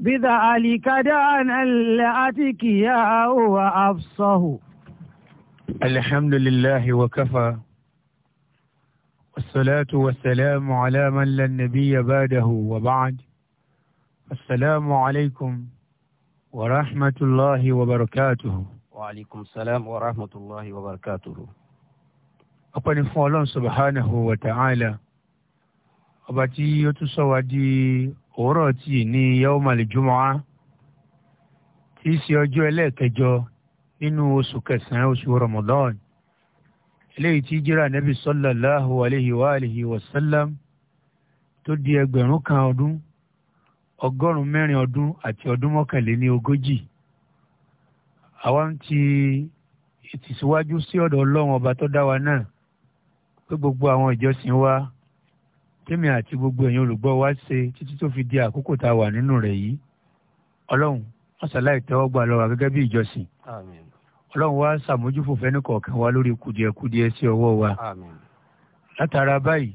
بذلك دعنا هو أفصه الحمد لله وكفى والصلاة والسلام على من لا نبي بعده وبعد السلام عليكم ورحمة الله وبركاته وعليكم السلام ورحمة الله وبركاته أقني فعلا سبحانه وتعالى أبتي يتسوى دي òwúrọ̀ tí ì ní yawmal jumu'a tí í ṣe ọjọ́ ẹlẹ́ẹ̀kẹjọ nínú oṣù kẹsàn-án oṣù ramadan eléyìí tí jíra nabi sallallahu alayhi wa alihi wa sallam tó di ẹgbẹ̀rún kan ọdún ọgọ́rùn-ún mẹ́rin ọdún àti ọdún mọ́kànléní ogójì àwa ń ti ìtìsíwájú sí ọ̀dọ̀ ọlọ́run ọba tó dá wa náà pé gbogbo àwọn ìjọsìn wa tèmi àti gbogbo ẹ̀yin olùgbọ́ wa ṣe títí tó fi di àkókò tá a wà nínú rẹ̀ yìí ọlọ́run wọ́n tẹ́wọ́gbà lọ́wọ́ gẹ́gẹ́ bí ìjọsìn ọlọ́run wá ṣàmójúfò fẹ́ni kọ̀ọ̀kan wa lórí kùdìẹ̀kùdìẹ̀ sí ọwọ́ wa látara báyìí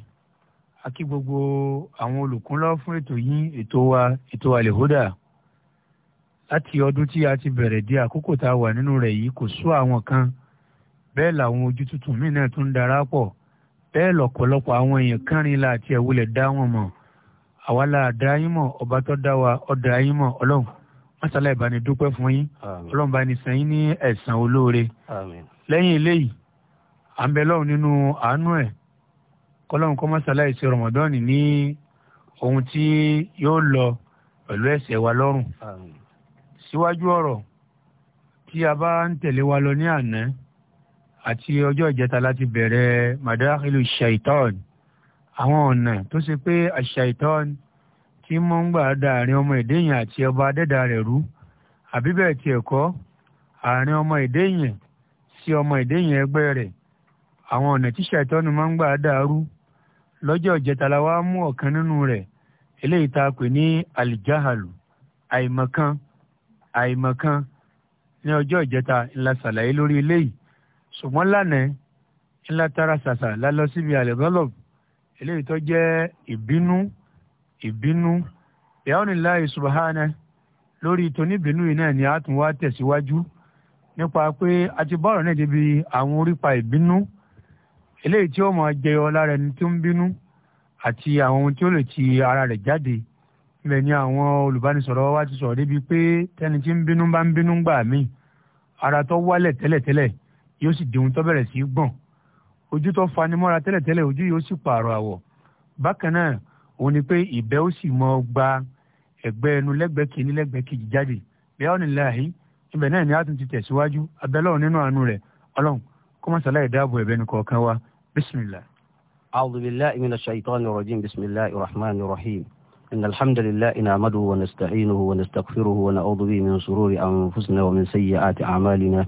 a kí gbogbo àwọn olùkúnlọ́ fún ètò yín ètò wa ètò àlèhódà láti ọdún tí a ti bẹ̀rẹ̀ di àkókò tá a wà nínú rẹ̀ yìí kò sú àwọn kan bẹ́ẹ̀ làwọn ojú tuntun míì náà tún darapọ̀ bẹ́ẹ̀ lọ̀pọ̀lọpọ̀ àwọn èèyàn kánrinlá àti ẹ̀wúlẹ̀ dá wọn mọ̀ àwa la dá yín mọ̀ ọba tó dá wa ọ̀dà yín mọ̀ ọlọ́run mọ́sálà ìbáni dúpẹ́ fún yín ọlọ́run bá ní san yín ní ẹ̀san olóore lẹ́yìn eléyìí à ń bẹ lọ́run nínú àánú ẹ̀ kọ́lọ́run kọ́ mọ́sálà ìṣe rọ̀mọ́dọ́ọ̀nì ní ohun tí yóò lọ pẹ̀lú ẹ̀ṣẹ̀ wa lọ́rùn síwájú ọ̀rọ̀ tí a bá ń tẹ̀lé wa lọ ní àná àti ọjọ́ ìjẹta láti bẹ̀rẹ̀ madakhilu shaitan àwọn ọ̀nà tó ṣe pé shaitan tí mo ń gbà dàárín ọmọ ìdẹ́yìn àti ọba adẹ́dà rẹ̀ rú àbí bẹ́ẹ̀ tiẹ̀ kọ́ àárín ọmọ ìdẹ́yìn sí ọmọ ìdẹ́yìn ẹgbẹ́ rẹ̀ àwọn ọ̀nà tí shaitan máa ń gbà dàrú lọ́jọ́ ìjẹta la wá mú ọ̀kan nínú rẹ̀ eléyìí tá a pè ní alijahalu àìmọ̀kan àìmọ̀kan ní ọjọ́ ìjẹta ńlá ṣàlàyé lórí eléyìí ṣùgbọ́n lánàá ńlá tara ṣàṣà lálọ síbi àlẹ́gọ́lọ̀ eléyìí tó jẹ́ ìbínú ìbínú bíáwónìláì subahana lórí tóníbínú yìí náà ni a tún wá tẹ̀síwájú nípa pé a ti bọ́ọ̀rọ̀ náà débi àwọn orípa ìbínú eléyìí tí ó mọ̀ jẹyọ lára ẹni tó ń bínú àti àwọn ohun tí ó lè ti ara rẹ̀ jáde níbẹ̀ ni àwọn olùbánisọ̀rọ̀ wa ti sọ̀rọ̀ débi pé tẹ́ni tí ń bínú bá ń bínú gbà míì ara tó wálẹ̀ tẹ́lẹ̀tẹ́lẹ̀ yóò sì di ohun tó bẹ̀rẹ̀ sí í gbọ̀n ojú tó fanimọ́ra tẹ́lẹ̀tẹ́lẹ̀ ojú yóò sì pààrọ̀ àwọ̀ bákan náà òun ni pé ìbẹ́ ó sì mọ gba ẹ̀gbẹ́ ẹnu lẹ́gbẹ̀ẹ́ kìíní lẹ́gbẹ̀ẹ́ kejì jáde bí àwọn ènìyàn láàyè ibẹ̀ náà ni a tún ti tẹ̀síwájú abẹ́lọ́run nínú àánú rẹ̀ ọlọ́run kó má sàlàyé dáàbò ẹ̀bẹ̀ ní kọ̀ọ̀kan wa bísímìlà. بالله من الشيطان الرجيم بسم الله الرحمن الرحيم إن الحمد لله نعمده ونستعينه ونستغفره ونعوذ به من شرور أنفسنا ومن سيئات أعمالنا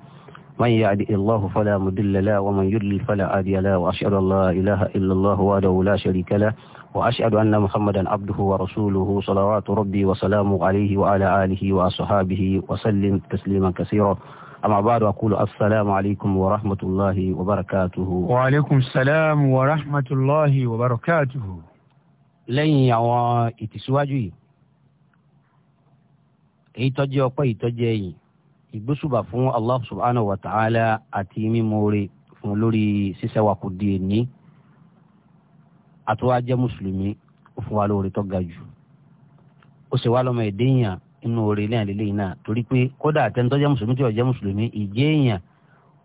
من يعد الله فلا مدل له ومن يدل فلا عادي له واشهد ان لا اله الا الله وحده لا شريك له واشهد ان محمدا عبده ورسوله صلوات ربي وسلامه عليه وعلى اله واصحابه وسلم تسليما كثيرا اما بعد اقول السلام عليكم ورحمه الله وبركاته وعليكم السلام ورحمه الله وبركاته لن يعوى اتسواجي yìí èyí tọ́jú ìgbésùbà fún allah subhanahu wa ta'ala àti mímúre fún lórí sísẹ́wàkú di èní àtúwá jẹ́ mùsùlùmí ó fún wa lóore tó ga jù ó ṣe wá lọ́mọ èdè èèyàn inú oore ilé àlélẹ́ yìí náà torí pé kódà àtẹnudọ́ mùsùlùmí tí ò jẹ́ mùsùlùmí ìjẹ́ èèyàn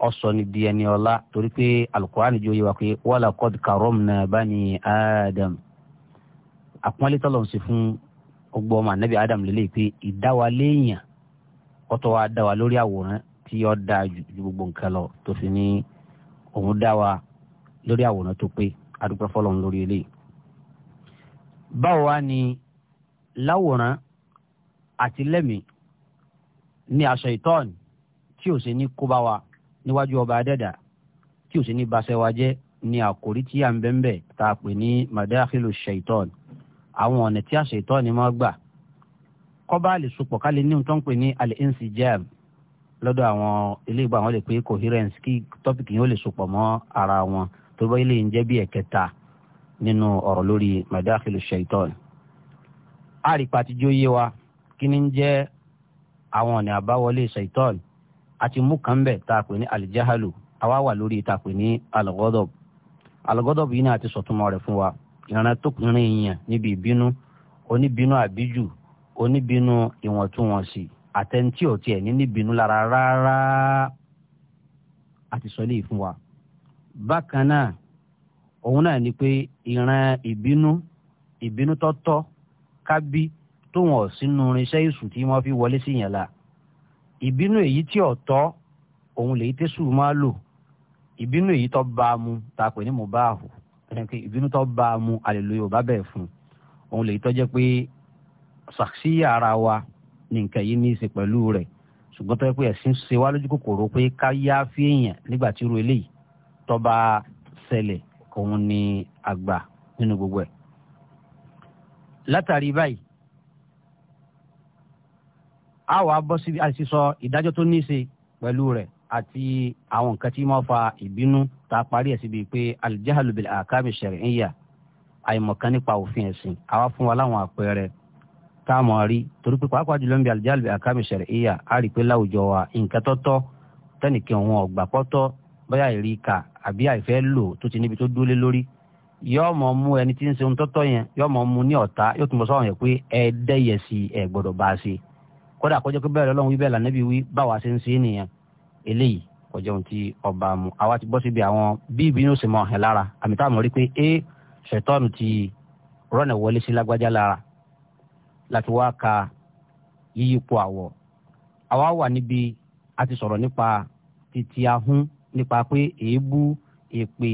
ọ̀sọ̀ ni di ẹni ọlá torí pé alukur'an jẹ́ òye wa pé wàhálà kọ́d karomna bani adam àpọ́nlé tọ́lọ̀ ń ṣe fún ọgbọ́n adam lélẹ́yìí pé ìdáwálé kọ́tọ́ wa dá wa lórí àwòrán tí ó dáa ju gbogbo nǹkan lọ tó fi ní òun dá wa lórí àwòrán tó pé adúpẹ́ fọlọ́run lórí eléyìí. báwo wá ni láwòrán àti lẹ́mìí ní aṣọ ìtọ́ọ̀nì tí ò sí ní kóbá wa níwájú ọba adẹ́dà tí ò sí ní baṣẹ́ wa jẹ́ ni àkòrí tí à ń bẹ́ńbẹ́ tá a pè ní madakhilu shaitan àwọn ọ̀nà tí àṣẹ ìtọ́ọ̀nì máa gbà kọ́ba lè sopọ̀ ká lè ní ohun tó ń pè ní al-insijam lọ́dọ̀ àwọn eléyìí bá wọn lè pé coherence kí tọ́pìkì yẹn ó lè sopọ̀ mọ́ ara wọn tó bá ilé ń jẹ́ bí ẹ̀kẹta nínú ọ̀rọ̀ lórí madakhilu shaitan. àrípa àtijọ́ yé wa kí ni ń jẹ́ àwọn ọ̀nà àbáwọlé shaitan àti mú kan bẹ̀ tá a pè ní alijahalu àwa wà lórí tá a pè ní algodob algodob yìí ni a ti sọ̀túnmọ́ rẹ̀ fún wa ìrànà tó kùnrin yìnyín níbi ìbínú oníbínú àbíjù oníbínú ìwọ̀ntúnwọ̀nsì àtẹ̀ntì ọ̀tí ẹ̀ ní níbínú lára rárá àti sọ léyìí fún wa. bákan náà òun náà ni pé ìran ìbínú ìbínú tọ́tọ́ kábí tó wọn sínú irinṣẹ́ ìṣù tí wọ́n fi wọlé sí yẹn la ìbínú èyí tí ọ̀tọ́ òun lèyí tẹ́sù máa lò ìbínú èyí tó bá a mu ta pè ní mo bá a hù ìbínú tó bá a mu àlèlò yorùbá bẹ́ẹ̀ fún òun lèyí tó jẹ́ pé ṣàkṣíyà ara wa ní nǹkan yìí ní í ṣe pẹ̀lú rẹ̀ ṣùgbọ́n tó yẹ pé ẹ̀sìn ṣe wá lójú kòkòrò pé ká yá fi èèyàn nígbà tí irú eléyìí tó bá ṣẹlẹ̀ òun ni àgbà nínú gbogbo ẹ̀. látàrí báyìí a wà bọ́ síbi àti sọ ìdájọ́ tó ní í ṣe pẹ̀lú rẹ̀ àti àwọn nǹkan tí wọ́n fa ìbínú tá a parí ẹ̀ síbi pé aljahalu bil akami shar'iyya àìmọ̀kan nípa òfin ẹ̀sìn àwa fún wa láwọn àpẹẹrẹ táàmù àrí torí pé pàápàá jùlọ ń bi àlùjáàlùbí àkàmì ṣẹ̀rẹ̀ ìyà á rí i pé láwùjọ wa nǹkan tọ́tọ́ tẹ́nìkan òun ọ̀gbà pọ́tọ́ bóyá ìrí ka àbí àìfẹ́ lò tó ti níbi tó dúró lé lórí yóò mọ̀ mú ẹni tí ń ṣe ohun tọ́tọ́ yẹn yóò mọ̀ mú ní ọ̀tá yóò tún bọ̀ sọ́wọ́n yẹn pé ẹ dẹ́yẹ sí ẹ gbọ́dọ̀ bá a ṣe kódà kọjọ́ pé bẹ́ẹ̀ lọ́lọ́run wí bẹ́ẹ̀ láti wá ka yíyípo àwọ̀ àwa wà níbi a ti sọ̀rọ̀ nípa titi ahun nípa pé èébú èpè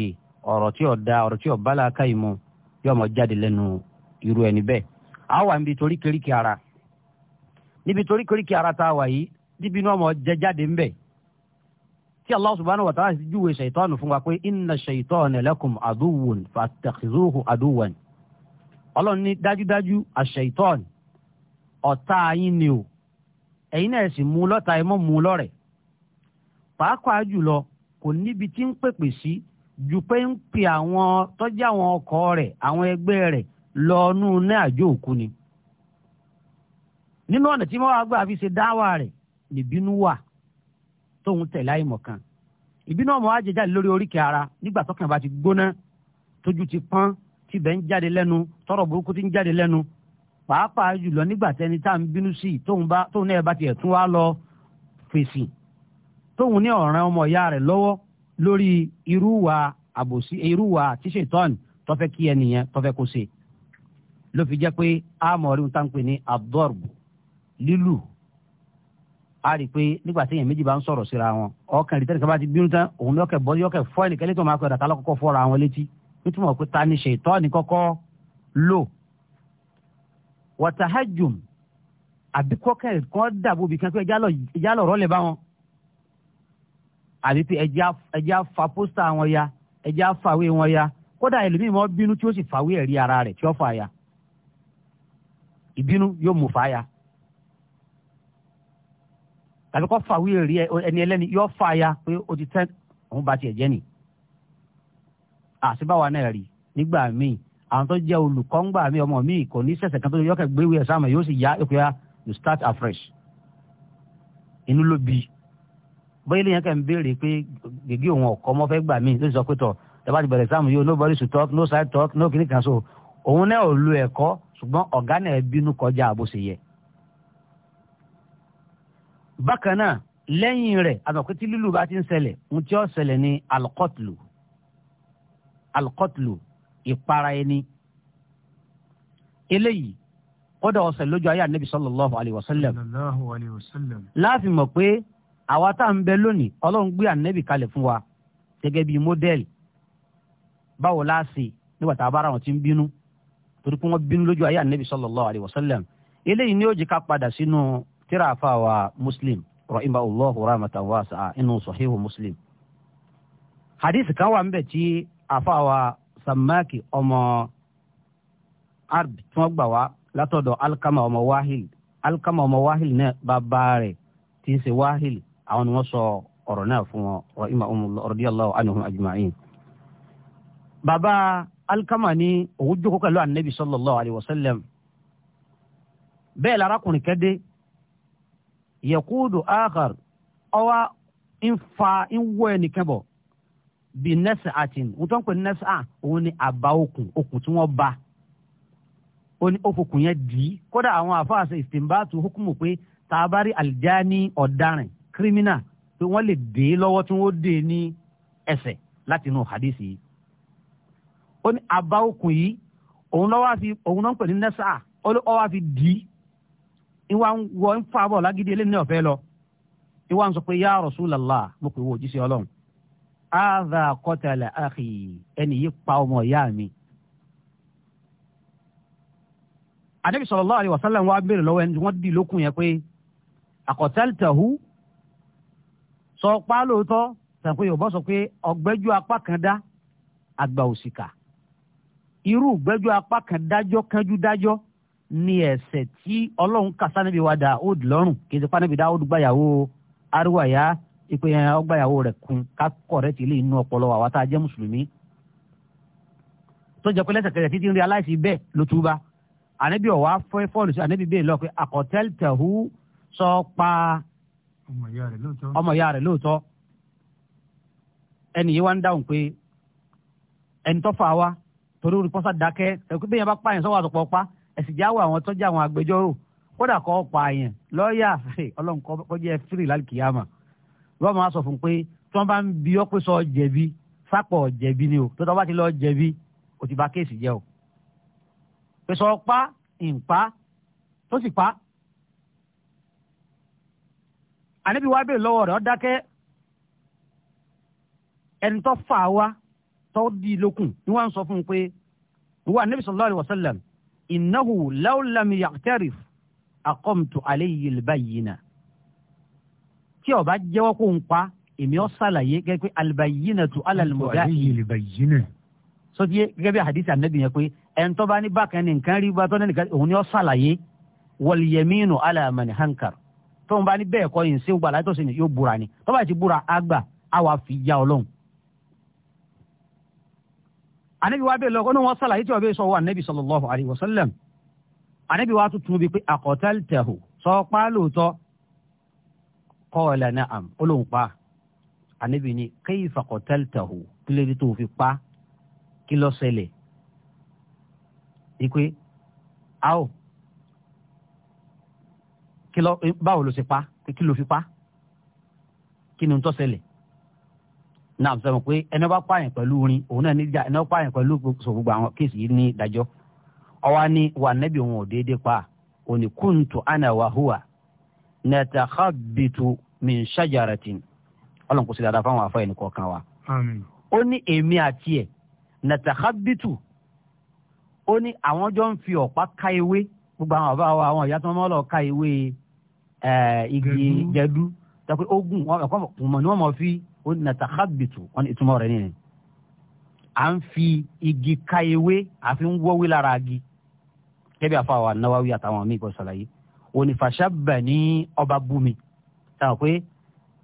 ọ̀rọ̀ tí ò da ọ̀rọ̀ tí ò bá làákàyè yóò mọ jáde lẹ́nu irú ẹni bẹ́ẹ̀ a wà níbi toríkèríkè ara níbi toríkèríkè ara tá a wà yìí níbi inú ọmọ jẹ jáde ńbẹ tí Allah subhanahu wa ta'ala ti júwe ṣèitọ́nù fún wa pé inna ṣèitọ́nù lakum aduwwun fatakhizuhu aduwwan ọlọ́run ní dájúdájú àṣèitọ́nù ọ̀tá yín ni o ẹ̀yin náà sì mú lọ́ta ẹ mọ́ mú lọ́rẹ̀ pàápàá jùlọ kò níbi tí ń pèpè sí ju pé ń pè àwọn tọ́jú àwọn ọkọ rẹ̀ àwọn ẹgbẹ́ rẹ̀ lọ inú ní àjò òkú ni nínú ọ̀nà tí wọ́n wá gbà fi ṣe dáwà rẹ̀ nìbínú wà tóun tẹ̀lé àìmọ̀ kan ìbínú ọmọ wa jẹjáde lórí oríkèé ara nígbà tọkàn bá ti gbóná tójú ti pọ́n tibẹ̀ ń jáde lẹ́nu tọrọ burúkú ti ń jáde lẹ́nu pàápàá jùlọ nígbà tẹni tá à ń bínú sí i tóun bá tóun náà bá tiẹ̀ tún wá lọ fèsì tóun ní ọ̀ràn ọmọ ìyá rẹ̀ lọ́wọ́ lórí irúwà àbòsí irúwà tíṣetọ́ọ̀nì tọ́fẹ́ kí ẹnìyẹn tọ́fẹ́ kó ṣe ló fi jẹ́ pé àmọ̀rí ń tán pè ní abdọ́rbù lílù a rí i pé nígbà téèyàn méjì bá ń sọ̀rọ̀ síra wọn ọkàn ìrìtẹ́ni kan bá ti bínú tán òun yọkẹ̀ bọ́ yọkẹ̀ fọ́ ẹnìkẹ́lẹ́ tó máa pẹ̀lú àtàlọ́kọ́kọ́ fọ́ra wọn létí nítorí wọn pé ta ni ṣètọ́ọ̀nì kọ́kọ́ lò wàtàhájùm àbí kọ́kẹ́ kan dàbò bìkan pé ẹja lọ̀rọ̀ lè bá wọn àbí pé ẹja fa pósítà wọn ya ẹja fàwé wọn ya kódà ẹlòmíì mọ́ bínú tí ó sì fàwé ẹ̀rí ara rẹ̀ tí ó fà ya ìbínú yóò mú fà ya tàbí kọ́ fàwé ẹ̀rí ẹni ẹlẹ́ni yóò fà ya pé ó ti tẹ́ òun bá tiẹ̀ jẹ́ nì àṣìbáwa náà rí nígbà míì àwọn tó jẹ́ olùkọ́ ń gbà mí ọmọ mi kò ní sẹ̀sẹ̀ kan tó yọ kẹ́ gbéwèé ẹ̀sán àmọ́ yóò sì yá ìpè ya you start afresh inú ló bi bóyá ilé yẹn kẹ́ ń béèrè pé gègé òun ọ̀kọ́ mọ́ fẹ́ gbà mí ló sọ pé tọ̀ ẹ ti bẹ̀rẹ̀ sáàmù yóò nobody to talk no side talk no kìnnìkan so òun náà ò lu ẹ̀kọ́ ṣùgbọ́n ọ̀gá náà bínú kọjá bó ṣe yẹ. bákan náà lẹ́yìn rẹ̀ àtọ̀kùtì lílù bá ti ń ṣẹlẹ̀ ohun tí ó ṣẹlẹ̀ ní alkọ́tìlù alkọ́tìlù ìpara ẹni eléyìí kódà ọ̀sẹ̀ lójú ayé ànábì sallallahu alayhi wa sallam. láti mọ̀ pé àwa tá à ń bẹ lónìí ọlọ́run gbé ànábì kalẹ̀ fún wa gẹ́gẹ́ bíi mọ́dẹ́lì báwo la ṣe nígbà tá a bá ara wọn ti ń bínú torí pé wọ́n bínú lójú ayé ànábì sallallahu alayhi eléyìí ni ó jẹ́ padà sínú tíra àfàwà muslim rahimahullahu rahmatan wasi'a inú sahihu muslim. hadith kan wà ń bẹ tí àfàwà samaki ọmọ ard tí wọ́n gbà wá látọ̀dọ̀ alkama ọmọ wahil alkama ọmọ wahil náà bàbá rẹ̀ tí ń ṣe wahil àwọn ni wọ́n sọ ọ̀rọ̀ náà fún wọn um, radiyallahu anhum ajma'in. bàbá alkama ní òun jókòó pẹ̀lú anabi sallallahu alayhi wa sallam bẹ́ẹ̀ larakùnrin kẹ́dé yakudu akhar ọwa ń fa ń wọ ẹnìkan bọ̀ bí nẹ́sà àtìn wọ́n tó ń pè ní nẹ́sà ah, òun ni àbá okùn okùn tí wọ́n ba ó ní okùn yẹn dì í kódà àwọn àfáàṣe ìsìnbáàtú hukumu pé tá a bá rí àlìjáni ọ̀daràn kírímínà pé wọ́n lè dè é lọ́wọ́ tí wọ́n dè ní ẹsẹ̀ láti inú hadisi yìí ó ní àbá okùn yìí òun lọ́wọ́ àfi òun náà ń pè ní nẹ́sà ó wá fi dì í ìwà ń wọ ń fa bọ̀ lágídí eléyìí ọ̀fẹ́ lọ ìwà ń sọ pé ya Rasulullah mo pè wọ́n òjíṣẹ́ ọlọ́run ààbà kọ́tàlá àkì ẹni yìí pa ọmọ ìyá mi. ànábì sallallahu alaihi wasallam wa béèrè lọ́wọ́ ẹni wọ́n dì lókun yẹn pé àkọ́tàlítàhù sọ pa lóòótọ́ sàpé yorùbá sọ pé ọ̀gbẹ́jọ́ apá kan dá àgbà òsìkà irú ìgbẹ́jọ́ apá kan dájọ́ kánjú dájọ́ ni ẹ̀ṣẹ̀ tí ọlọ́run kà sánibí wa Dáúdù lọ́rùn kì í ti pánibi Dáúdù gbàyàwó arúgbàyà ìpè ọgbàyàwó eh, rẹ̀ kun ká kọ̀rẹ́ ti lè inú ọpọlọ àwa tá a jẹ́ mùsùlùmí tó jẹ́ pé lẹ́sẹ̀kẹsẹ̀ títí ń rí aláìsí bẹ́ẹ̀ ló túbá ànábì ọ̀wá fẹ́ fọ́ọ̀lù sí ànábì bẹ́ẹ̀ lọ pé àkọ́tẹ́lẹ̀tẹ̀hù sọ pa ọmọ ìyá rẹ̀ lóòótọ́ ẹnì yìí wá ń dáhùn pé ẹni tó fà wá torí orí pọ́sà dákẹ́ ẹ̀kú bí yẹn bá pààyàn sọ́wọ́ àtọ̀pọ̀ pa ẹ̀sìn jáwọ́ àwọn tọ́jú àwọn agbẹjọ́rò kódà kọ́ pààyàn lọ́ọ̀yà ọlọ́run kọ́ jẹ́ yóò máa sọ fún pé tí wọ́n bá ń bi ọ́ pé sọ jẹ̀bi sápọ̀ jẹ̀bi ni o tó tọ́ bá ti lọ jẹ̀bi kò ti bà kéèsì jẹ́ o pé sọ pa ìǹpa tó sì pa. àníbi wá bèèrè lọ́wọ́ rẹ̀ ọ́ dákẹ́ ẹni tó fà wá tó di lókun ni wọ́n sọ fún un pé wọ́n àníbi sallallahu alaihi wasallam innahu law lam yaqtarif aqamtu alayhi albayyina tí ó bá jẹ́wọ́ kó ń pa èmi ọ sàlàyé gẹ́gẹ́ pé albayinatu alalmuda sọtí gẹ́gẹ́ bí hadith anabi yẹn pé ẹ̀ńtọ́ bá ní bákan ní nǹkan rí bá tọ́ ní nǹkan òun ni ọ sàlàyé wọlìyẹmínú alamani hankar tó ń bá ní bẹ́ẹ̀ kọ́ yìí ń ṣe gbàlá tó sì ní yóò búra ni tó bá ti búra àgbà á fi ya ọlọ́run. anabi wa bẹ́ẹ̀ lọ ọ́nà wọn sàlàyé tí wọ́n bẹ́ẹ̀ sọ wọ́n anabi sallallahu alayhi wa sallam anabi wa tuntun bíi pé àkọ́tàlítẹ̀hù sọ pálóòtọ́ kọ́ọ̀lá na'am ó lóun pa ànábì ni kayfa qataltahu kí ló dé tó fi pa kí ló ṣẹlẹ̀ ìpè áò kí ló báwo ló ṣe pa kí ló fi pa kí ni ń tó ṣẹlẹ̀ náà sọ pé ẹni bá pààyàn pẹ̀lú orin òun náà níjà ẹni bá pààyàn pẹ̀lú sògbogbo àwọn kéèsì yìí ní ìdájọ́ ọwọ́ ni wà nẹ́bí òun ò déédéé pa òní kúntù ana wàhùwà nàtàkàbìtù min shajaratin ọlọ́run kò sí dáadáa fáwọn afọ ẹnì kọ̀ọ̀kan wa. ó ní èmi àti ẹ̀ nàtàkàbìtù ó ní àwọn jọ ń fi ọ̀pá ká ewé gbogbo àwọn bàbá wa àwọn ìyá tó máa lọ ká ewé igi jẹ̀dú tàbí ogun ẹ̀kọ́ mọ̀ ni wọ́n mọ̀ fi ó ní nàtàkàbìtù wọ́n ní ìtumọ̀ rẹ̀ nìyẹn. à ń fi igi ká ewé àfi ń wọ́wé lára igi kẹ́bí àfa wa náwáwí àtàwọn míì kọ́ ó ní fàṣà bẹ̀ ní ọba bú táwọn pé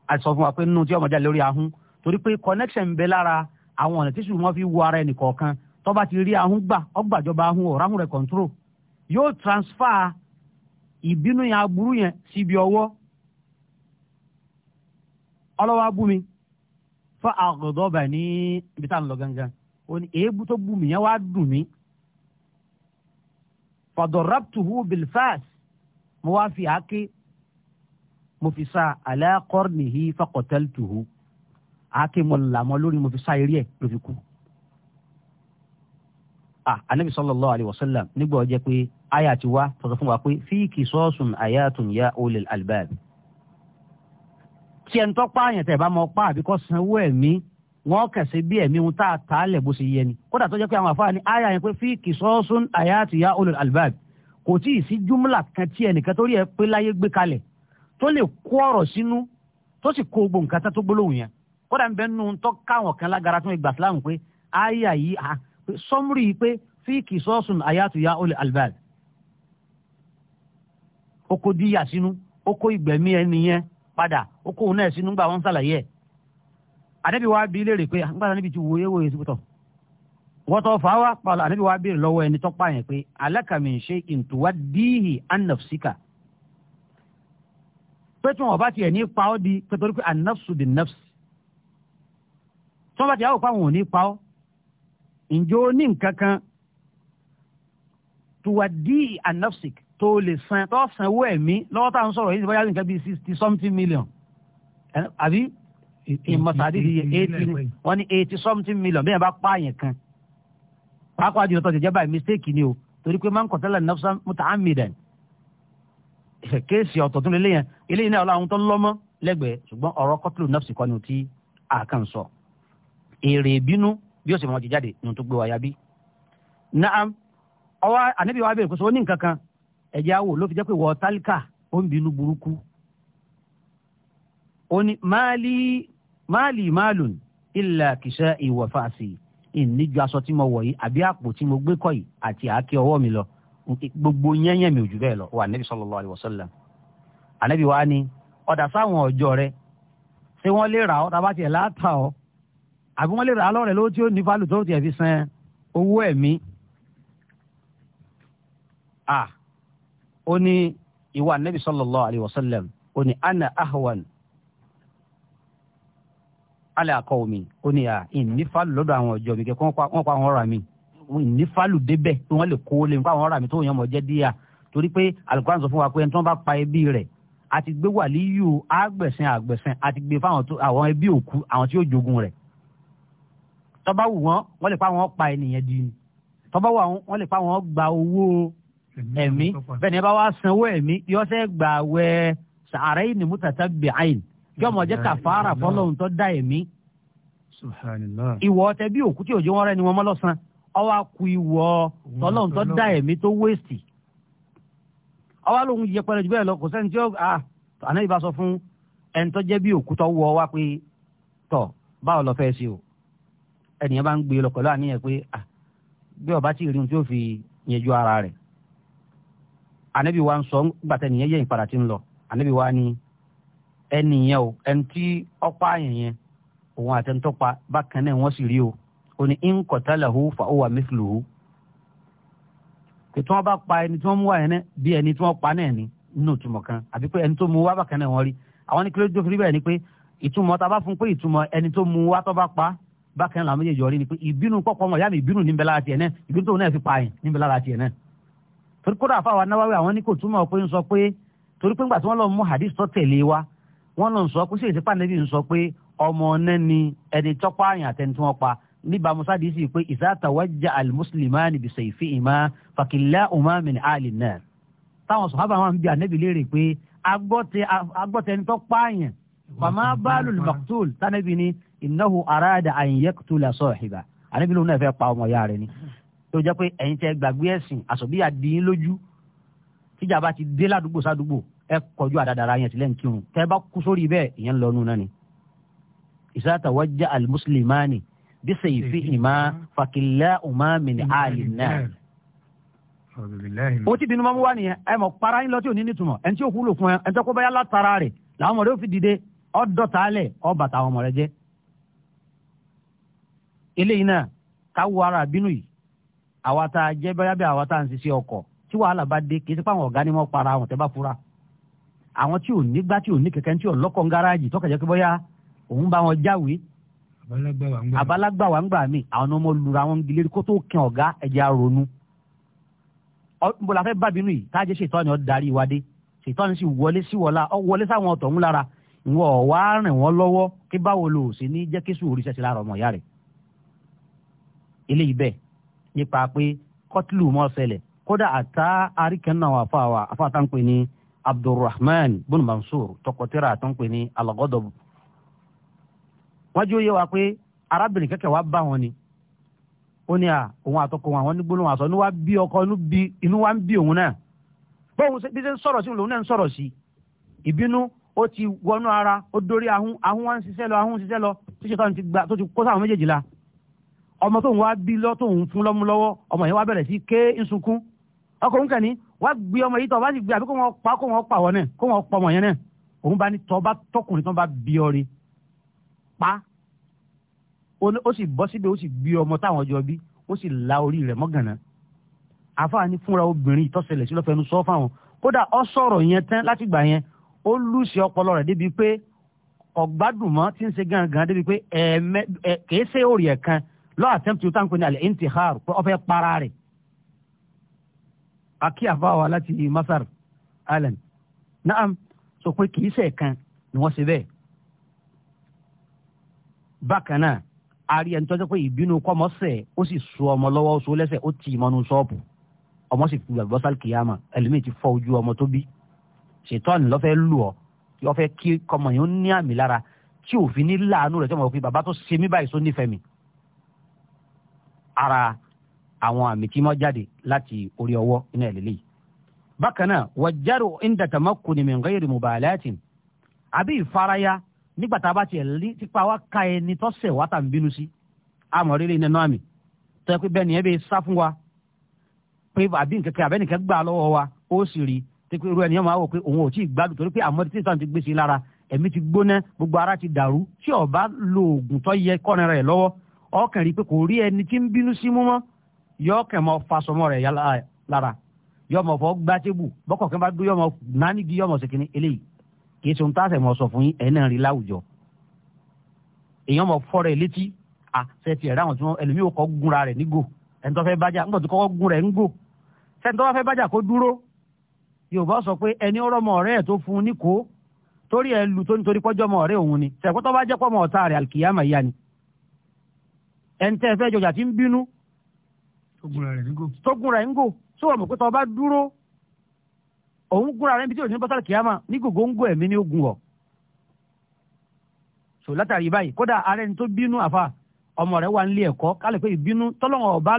a sọ fún wa pé nínú tí ọmọ jáde lórí ahun torí pé connection ń bẹ lára àwọn ọ̀nà tí sùnmọ́ fi wo ara ẹnì kọ̀ọ̀kan tó bá ti rí ahun gbà ọgbàjọba ahun ọ̀rọ̀ ahun rẹ̀ control yóò transfer ìbínú yẹn aburú yẹn síbi ọwọ́ ọlọ́wọ́ abúmi fún àgọ́dọ́bà ní ibi tá à ń lọ gangan ó ní èébú tó bú mi yẹn wá dùn mí fọdọ̀rọ̀pùtù hù bìlfàs mo wá fi àáké mo fi sa ala qarnihi faqataltuhu àáké mo là mọ́ lórí mo fi sa eré ẹ̀ ló fi kú. anabi sallallahu alayhi wa sallam nígbà ọjọ́ pé aya ti wá tọ́tọ́ fún wa pé fi qisasun ayatun ya ulil albab. tí ẹni tó pààyàn tẹ̀ bá mọ pa àbí kọ́ sanwó ẹ̀mí wọ́n kẹ̀sí bí ẹ̀mí wọn tá a tà á lẹ̀ bó ṣe yẹ ni kódà tó jẹ́ pé àwọn àfáà aya yẹn pé fi qisasun ayatun ya ulil albab kò tí ì sí júmùlà kan tí ẹnìkan torí ẹ pé láyé gbé kalẹ̀ tó lè kó ọ̀rọ̀ sínú tó sì kó gbogbo nǹkan tó gbólóhùn yẹn kódà ń bẹ nù ń tọ́ káwọn kan lágara tó ń gbà síláàmù pé àyà yìí à sọmúrì yìí pé fíìkì sọ́ọ̀sùn àyàtúyà olè albal díyà sínú ìgbẹ̀mí ẹni yẹn padà ó òun náà sínú gbà wọ́n sàlàyé ẹ̀ ànábì wa bi léèrè pé àgbàdo ànábì ti wòye wòye pé tí wọn bá tiẹ̀ ní pa ọ́ di pẹ̀tọ́rí pé anafsu di nafsi tí wọn bá tiẹ̀ àwọn pàwọn ò ní pa ọ́ ǹjẹ́ ó ní nǹkan kan tuwadi anafsik tó lè san tó san owó ẹ̀mí lọ́wọ́ tá à ń sọ̀rọ̀ yìí bóyá nǹkan bíi sixty something million àbí ìmọ̀tàdí di eighty wọ́n ní eighty something million bí yẹn bá pààyàn kan pàápàá jùlọ tó ti jẹ́ báyìí mistake ni o torí pé máa ń kọ̀tẹ́lẹ̀ nafsa muta'ammidan kéèsì ọ̀tọ̀ tún lélẹ́yìn eléyìí náà ọlọ́run tó lọ́mọ́ lẹ́gbẹ̀ẹ́ ṣùgbọ́n ọ̀rọ̀ kọ́tìlù nọ́ọ̀sì kọ́ni tí a kàn sọ èrè ìbínú bí ó sì mọ̀ jíjáde ní tó gbé wa yábí. naam ọwọ́ ànábì wa bẹ̀rẹ̀ kó sọ ó ní nǹkan kan ẹ̀jẹ̀ awo ló fi jẹ́ pé wọ́n tálíkà ó ń bínú burúkú. ó ní máàlì máàlì máàlùn ìlà kìsẹ́ ìwọ̀fàṣì ìníjú aṣọ tí mo wọ̀ yìí àbí àpò tí mo gbé kọ́ yìí àti àáké ọwọ́ mi lọ gbogbo yẹ́nyẹ́ mi ò jù bẹ́ẹ̀ lọ wà nẹ́bí sallallahu alaihi wasallam ànẹ́bí wa ni ọ̀dà sáwọn ọjọ́ rẹ ṣé wọ́n lè rà ọ́ tàbá tiẹ̀ láàtà ọ́ àbí wọ́n lè rà á lọ́rẹ̀ lówó tí ó ní fálù tó tiẹ̀ fi san owó ẹ̀mí. a ó ní ìwà nẹ́bí sallallahu alaihi ó ní ana ahwan ala qawmi ó ní à ìní fálù lọ́dọ̀ àwọn ọjọ́ mi kẹ́kọ́ wọ́n pa àwọn ọ̀rà mi ní fálù débẹ̀ pé wọ́n lè kó lè nípa àwọn ọ̀rà mi tó yàn mọ́ jẹ́ díà torí pé alukóran sọ fún wa pé ẹni tó ń bá pa ẹbí rẹ̀ àti gbé wàlíyù àgbẹ̀sìn àgbẹ̀sìn àti gbé fáwọn àwọn ẹbí òkú àwọn tí ó jogun rẹ̀ tó bá wù wọ́n wọ́n lè pa àwọn pa ènìyàn di ni tó bá wù wọ́n lè pa àwọn gba owó ẹ̀mí bẹ́ẹ̀ ẹ bá wá sanwó ẹ̀mí yọ́sẹ̀ gbà wẹ́ sàárẹ̀ yìí ni mútàtà bẹ̀ àyìn yọmọ jẹ́ kàfàrà fọlọ́run tó dá ìwọ ọtẹ bí òkú tí òjò wọn rẹ ni wọn mọ́ lọ́sàn-án ọwọ́ akú ìwọ tọ́lọ́run tó dá ẹ̀mí tó wéèsì ọwọ́ lòun yẹpẹrẹ jù bẹ́ẹ̀ lọ kò sẹ́ni tí ó àná ìbá sọ fún ẹni tó jẹ́ bí òkú tó wọ wá pé tọ̀ báwo lọ fẹ́ ṣe o ẹnìyẹn bá ń gbé e lọ pẹ̀lú àníyàn pé bí ọba tí ì rí ohun tí ó fi yẹjú ara rẹ̀ anabi wa ń sọ gbàtẹ nìyẹn yẹn ìpadà tí ń lọ anabi wa ni ẹnìyẹn o ẹni tí ọ̀pá àyàn yẹn òun àtẹnutọpa bákan náà wọ́n sì rí o ó ní in qatalahu fa huwa mithluhu pé tí wọ́n bá pa ẹni tí wọ́n mú wá yẹn bí ẹni tí wọ́n pa náà ni nínú ìtumọ̀ kan àbí pé ẹni tó mú wá bákan náà wọ́n rí àwọn ní kílódé tó fi rí bẹ́ẹ̀ ni pé ìtumọ̀ tá a bá fún pé ìtumọ̀ ẹni tó mú wá tó bá pa bákan làwọn méjèèjì ọrí ni pé ìbínú pọ̀pọ̀ wọn yá mi ìbínú níbẹ̀ lára tiẹ̀ náà ìbínú tóun náà fi pa yẹn níbẹ̀ lára tiẹ̀ náà torí kódà àfàwọn anáwáwé àwọn ní kò túmọ̀ pé ń sọ pé torí pé ńgbà tí wọ́n lọ mú hadith tó tẹ̀lé wa wọ́n lọ sọ pé sí ìsìnkú ànábì ń sọ pé ọmọ náà ni ẹni tọ́pọ̀ àyàn àtẹni tí wọ́n pa níbàámu sádìsì pé ìsátàwájà alimusulmani bisayfi ìmá fàkìlá umamin ali náà táwọn sọ̀hábà wọn bí ànẹ́bí léèrè pé agbọ́tẹni tó pààyàn fàmà bálù maktul tánẹ́bí ni innahu aráàdà àyìnyẹ́kùtùlà sọ̀hìbà ànẹ́bí lòun náà fẹ́ pa ọmọ ìyá rẹ̀ ni tó jẹ́ pé ẹ̀yin tẹ́ gbàgbé ẹ̀sìn àsọ̀bíyà dín lójú tíjàmbá ti dé ládùúgbò sádùúgbò ẹ kọjú àdàdàrà yẹn tilẹ̀ ń kírun tẹ́ bá kú sórí bẹ́ẹ̀ ìyẹn lọ́nu náà ni ìsátàwájà alimusulmani bisayfihima fakilahuma min alin nar. o ti bínú mamu wa nìyẹn ẹ mọ para yín lọ tí ò ní nítumọ̀ ẹn tí òkú lò fún ẹ ẹn tí kóbáyà látara rẹ làwọn ọmọdé ò fi dìde ọ dọta alẹ ọ bàtà àwọn ọmọ rẹ jẹ. eléyìí náà káwọ ara bínú yìí àwa tá a jẹ bẹ́ẹ̀ bí àwa tá ń ṣiṣẹ́ ọkọ̀ tí wàhálà bá dé kì í sípò àwọn ọ̀gá ni wọ́n para àwọn tẹ́ bá fura àwọn tí ò ní tí ò ní kẹ̀kẹ́ tí ò lọ́kọ̀ ń gáràjì tọ́kẹ̀jẹ́ kí bọ́yá òun bá wọn jáwèé àbálàgbà wà ń gbà mí àwọn ọmọ lura wọn gilé kó tó kàn ọ̀gá ẹ̀jẹ̀ àrònú bó la fẹ́ bàbí nù yìí táàjẹ́ ṣètọ́ni ọ̀ darí ìwádé ṣètọ́ni sì wọlé sí wọlá ọ wọlé sáwọn ọ̀tọ̀ ń lára ìwọ ọ̀wá rìn wọ́n lọ́wọ́ kí báwo lò sí ní jẹ́ kí sùúrù ṣẹ̀ṣẹ̀ lára ọmọ ìyá rẹ̀ eléyìí bẹ́ẹ̀ nípa pé kọ́tìlù mọ́ ṣẹlẹ̀ kódà àtà àríkànnà wà fáwà afáàtàǹpẹ̀ ní Abdulrahman bin tọkọtẹ́rà àtàǹpẹ̀ ní alagodobu wọ́n jẹ́ òye wa pé arábìnrin kẹ́kẹ́ wa bá wọn ni ó ní à òun àtọkọ wọn àwọn nígbóná wọn àṣọ inú wa bí ọkọ inú wa ń bí òun náà bóun bí ṣe ń sọ̀rọ̀ sí òun náà ń sọ̀rọ̀ sí ìbínú ó ti wọnú ara ó dórí ahun ahun wa ń ṣiṣẹ́ lọ ahun ń ṣiṣẹ́ lọ tó ṣe káwọn ti gba tó ti kó sáwọn méjèèjì la ọmọ tóun wá bí lọ tóun fún lọ́mú lọ́wọ́ ọmọ yẹn wá bẹ̀rẹ̀ sí ké ń sunkún ọkùnrin kàn ní gbé ọmọ yìí tó bá sì gbé àbí kó wọn pa kó wọn pa wọn náà kó wọn pa ọmọ yẹn náà òun bá ní tó bá tọkùnrin tó bá bí ọ rí pa ó sì bọ́ síbẹ̀ ó sì gbé ọmọ táwọn jọ bí ó sì la orí rẹ̀ mọ́gànà àfáà ní fúnra obìnrin ìtọ́sẹ̀lẹ̀ sí lọ́fẹ̀ẹ́nu sọ fáwọn kódà ọ sọ̀rọ̀ yẹn tán látìgbà yẹn ó lùsì ọpọlọ rẹ̀ débi pé ọ̀gbádùnmọ́ tí ń ṣe gangan débi pé ẹ̀ẹ̀mẹ́ kìí ṣe òrì ẹ̀ kan lọ́wọ́ àtẹ́mtì tó táǹkì ní alẹ́ intihar pé ọ fẹ́ para rẹ̀ akí àfáwà láti masar allen naam sọ pé kìí ṣe ẹ̀kan ni wọ́n ṣe bẹ́ẹ̀ bákan náà ari ẹni tọ́jọ́ pé ìbínú kọ́mọ sẹ̀ ó sì so ọmọ lọ́wọ́ so lẹ́sẹ̀ ó tì í mọ́nú ṣọ́ọ̀bù ọmọ sì fi gbàgbọ́ sálì kìyàmà ẹlòmíì ti fọ ojú ọmọ tó bí ṣètọ́ni lọ́fẹ́ lù ọ́ kí ọ́fẹ́ kí kọ́mọ yẹn ó ní àmì lára tí òfin ní láàánú rẹ̀ tí ọmọ òfin bàbá tó ṣe mí báyìí tó nífẹ̀ẹ́ mi. ara àwọn àmì tí mo jáde láti orí ọwọ́ iná ẹ̀ lélẹ́yìí. bákan náà wàjárò ń dàtàmọ́kùnrin mi nígbà tá a bá tiẹ̀ lé tipa wa ka ẹni tó sẹ̀ wá tà ń bínú sí àmọ́ rírì nínú àmì tó yẹ pé bẹ́ẹ̀ ni ẹ sá fún wa pé àbí nkẹ́kẹ́ àbẹ́nìkẹ́ gbà lọ́wọ́ wa ó sì rí pé irú ẹni yẹn máa wò pé òun ò tí ì gbádùn torí pé àmọ́ títàn ti gbèsè lára ẹ̀mí ti gbóná gbogbo ara ti dàrú tí ó bá lo oògùn tó yẹ kọ́ni rẹ̀ lọ́wọ́ ọkàn rí i pé kò rí ẹni tí ń bínú sí mú mọ́ yọ kàn mọ́ rẹ̀ lára yọ mọ̀ gbátébù bọ́kọ̀ kí n bá dún yọ mọ̀ nánigi yọ mọ̀ sèkìní eléyìí kì í sun tá a sẹ̀ mọ̀ sọ fún yín ẹ̀ náà rí láwùjọ èèyàn mọ̀ fọ́rẹ̀ létí à ṣe tiẹ̀ ráwọn tí wọ́n ẹlòmíì kọ́ gúnra rẹ̀ nígò ẹni tó fẹ́ bájà ńgbọ̀n tó kọ́kọ́ gún rẹ̀ ńgò sẹ́ni tó bá fẹ́ bájà kó dúró yorùbá sọ pé ẹni ọ̀rọ̀mọ ọ̀rẹ́ ẹ̀ tó fún un níkò torí ẹ lu tó nítorí pọ́jọ́ ọmọ ọ̀rẹ́ òun ni sẹ̀kọ́ òun gúnra rẹ̀ níbi ní bọ́sálì kìámà ní gògóńgò ẹ̀mí ní ogun ọ̀ so látàrí báyìí kódà ààrẹ ni tó bínú àfa ọmọ rẹ̀ wà nílé ẹ̀kọ́ kálẹ̀ pé ìbínú tọ́lọ́wọ̀n ọba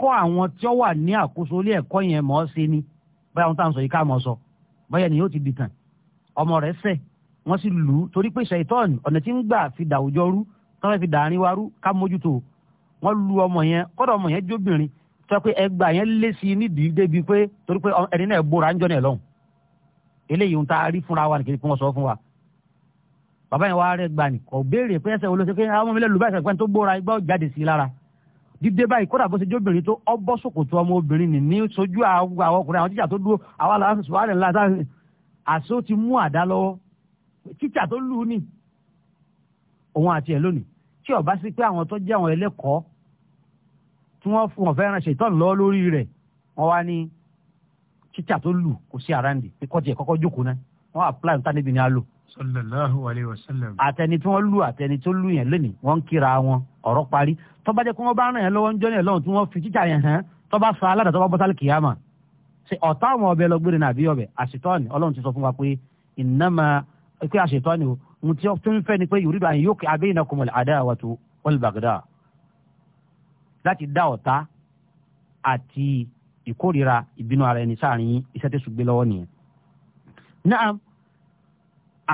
kọ́ àwọn tí ó wà ní àkóso ilé ẹ̀kọ́ yẹn mọ́ ṣe ni báyà wọn táwọn sọ yìí ká mọ́ sọ báyà ni yóò ti dìtàn ọmọ rẹ̀ sẹ̀ wọ́n sì lù ú torí pé ṣàìtọ́ọ̀nì ọ̀nà tí ń gbà fi dà òjọ sọ pé ẹgbà yẹn lé sí i nídìí débi pé torí pé ẹni náà bóra ń jọ náà lọ́hùn eléyìí ń ta rí fúnra wa nìkan kí wọ́n sọ fún wa bàbá yẹn wá rẹ̀ gbà ní kò béèrè pé ẹsẹ̀ olóṣèlú pé àwọn ọmọ ilé olùbáṣẹ pẹ́ tó bóra igbá jáde sí i lára dídé báyìí kódà bó ṣe jẹ́ obìnrin tó ọbọ̀ sòkòtò ọmọ obìnrin nì ní sojú àwọn ọkùnrin àwọn tíjà tó dúró tí wọ́n fún wọn fẹ́ràn ṣètọ́n lọ lórí rẹ̀ wọ́n wá ní títà tó lù kò sí àràǹdì pé kọ́tì ẹ̀ kọ́kọ́ jókòó náà wọ́n apply níta níbi ni a lò. sallallahu alayhi wa sallam. àtẹni tí wọ́n lù àtẹni tó lù yẹn lónìí wọ́n ń kíra wọn ọ̀rọ̀ parí tó bá jẹ́ kó wọ́n bá ràn yẹn lọ́wọ́ ń jọ́nà lọ́hùn tí wọ́n fi títà yẹn hàn tó bá fa aládàá tó bá bọ́tálì kìyàmà ṣe ọ̀tá àwọn ọbẹ̀ lọ́gbẹ̀rẹ̀ nàbí ọbẹ̀ àṣetọ́ni ọlọ́run ti sọ fún wa pé ìnáma pé àṣetọ́ni o mo ti tún fẹ́ ni pé yorùbá láti dá ọ̀tá àti ìkórira ìbínú ara ẹni sáàrin yín iṣẹ́ tẹ̀sù gbé lọ́wọ́ nìyẹn. náà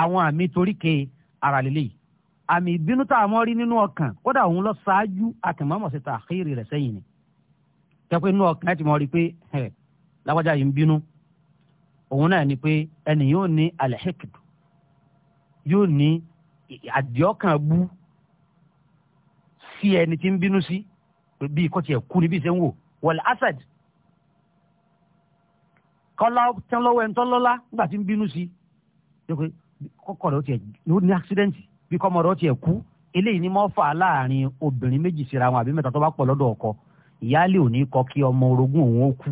àwọn àmì toríke ara lélẹ́yìí àmì ìbínú tá a mọ́ rí nínú ọkàn kódà òun lọ ṣáájú àtìmọ́mọ́ sí tàkìrì rẹ̀ sẹ́yìn ni tẹ́pẹ́ inú ọkàn ẹ̀ ti mọ́ rí pé ẹ̀ lágbájá yìí ń bínú òun náà ni pé ẹnì yóò ní alẹ́hẹ́kìdù yóò ní àdìọ́kàn bú sí ẹni tí ń bínú sí. Si bíi kọ́ tiẹ̀ kú ni bíi ṣe ń wò wọ̀lẹ̀ asad kọ́lá tán lọ́wọ́ ẹni tán lọ́lá nígbà tí ń bínú sí i kọ́kọ́ rẹ̀ ó tiẹ̀ ní accident bíi kọ́mọ rẹ̀ ó tiẹ̀ kú eléyìí ni mo fà láàrin obìnrin méjì síra wọn àbí mẹ́ta tó bá pọ̀ lọ́dọ̀ ọkọ ìyáálé òní kọ kí ọmọ orogún òun ó kú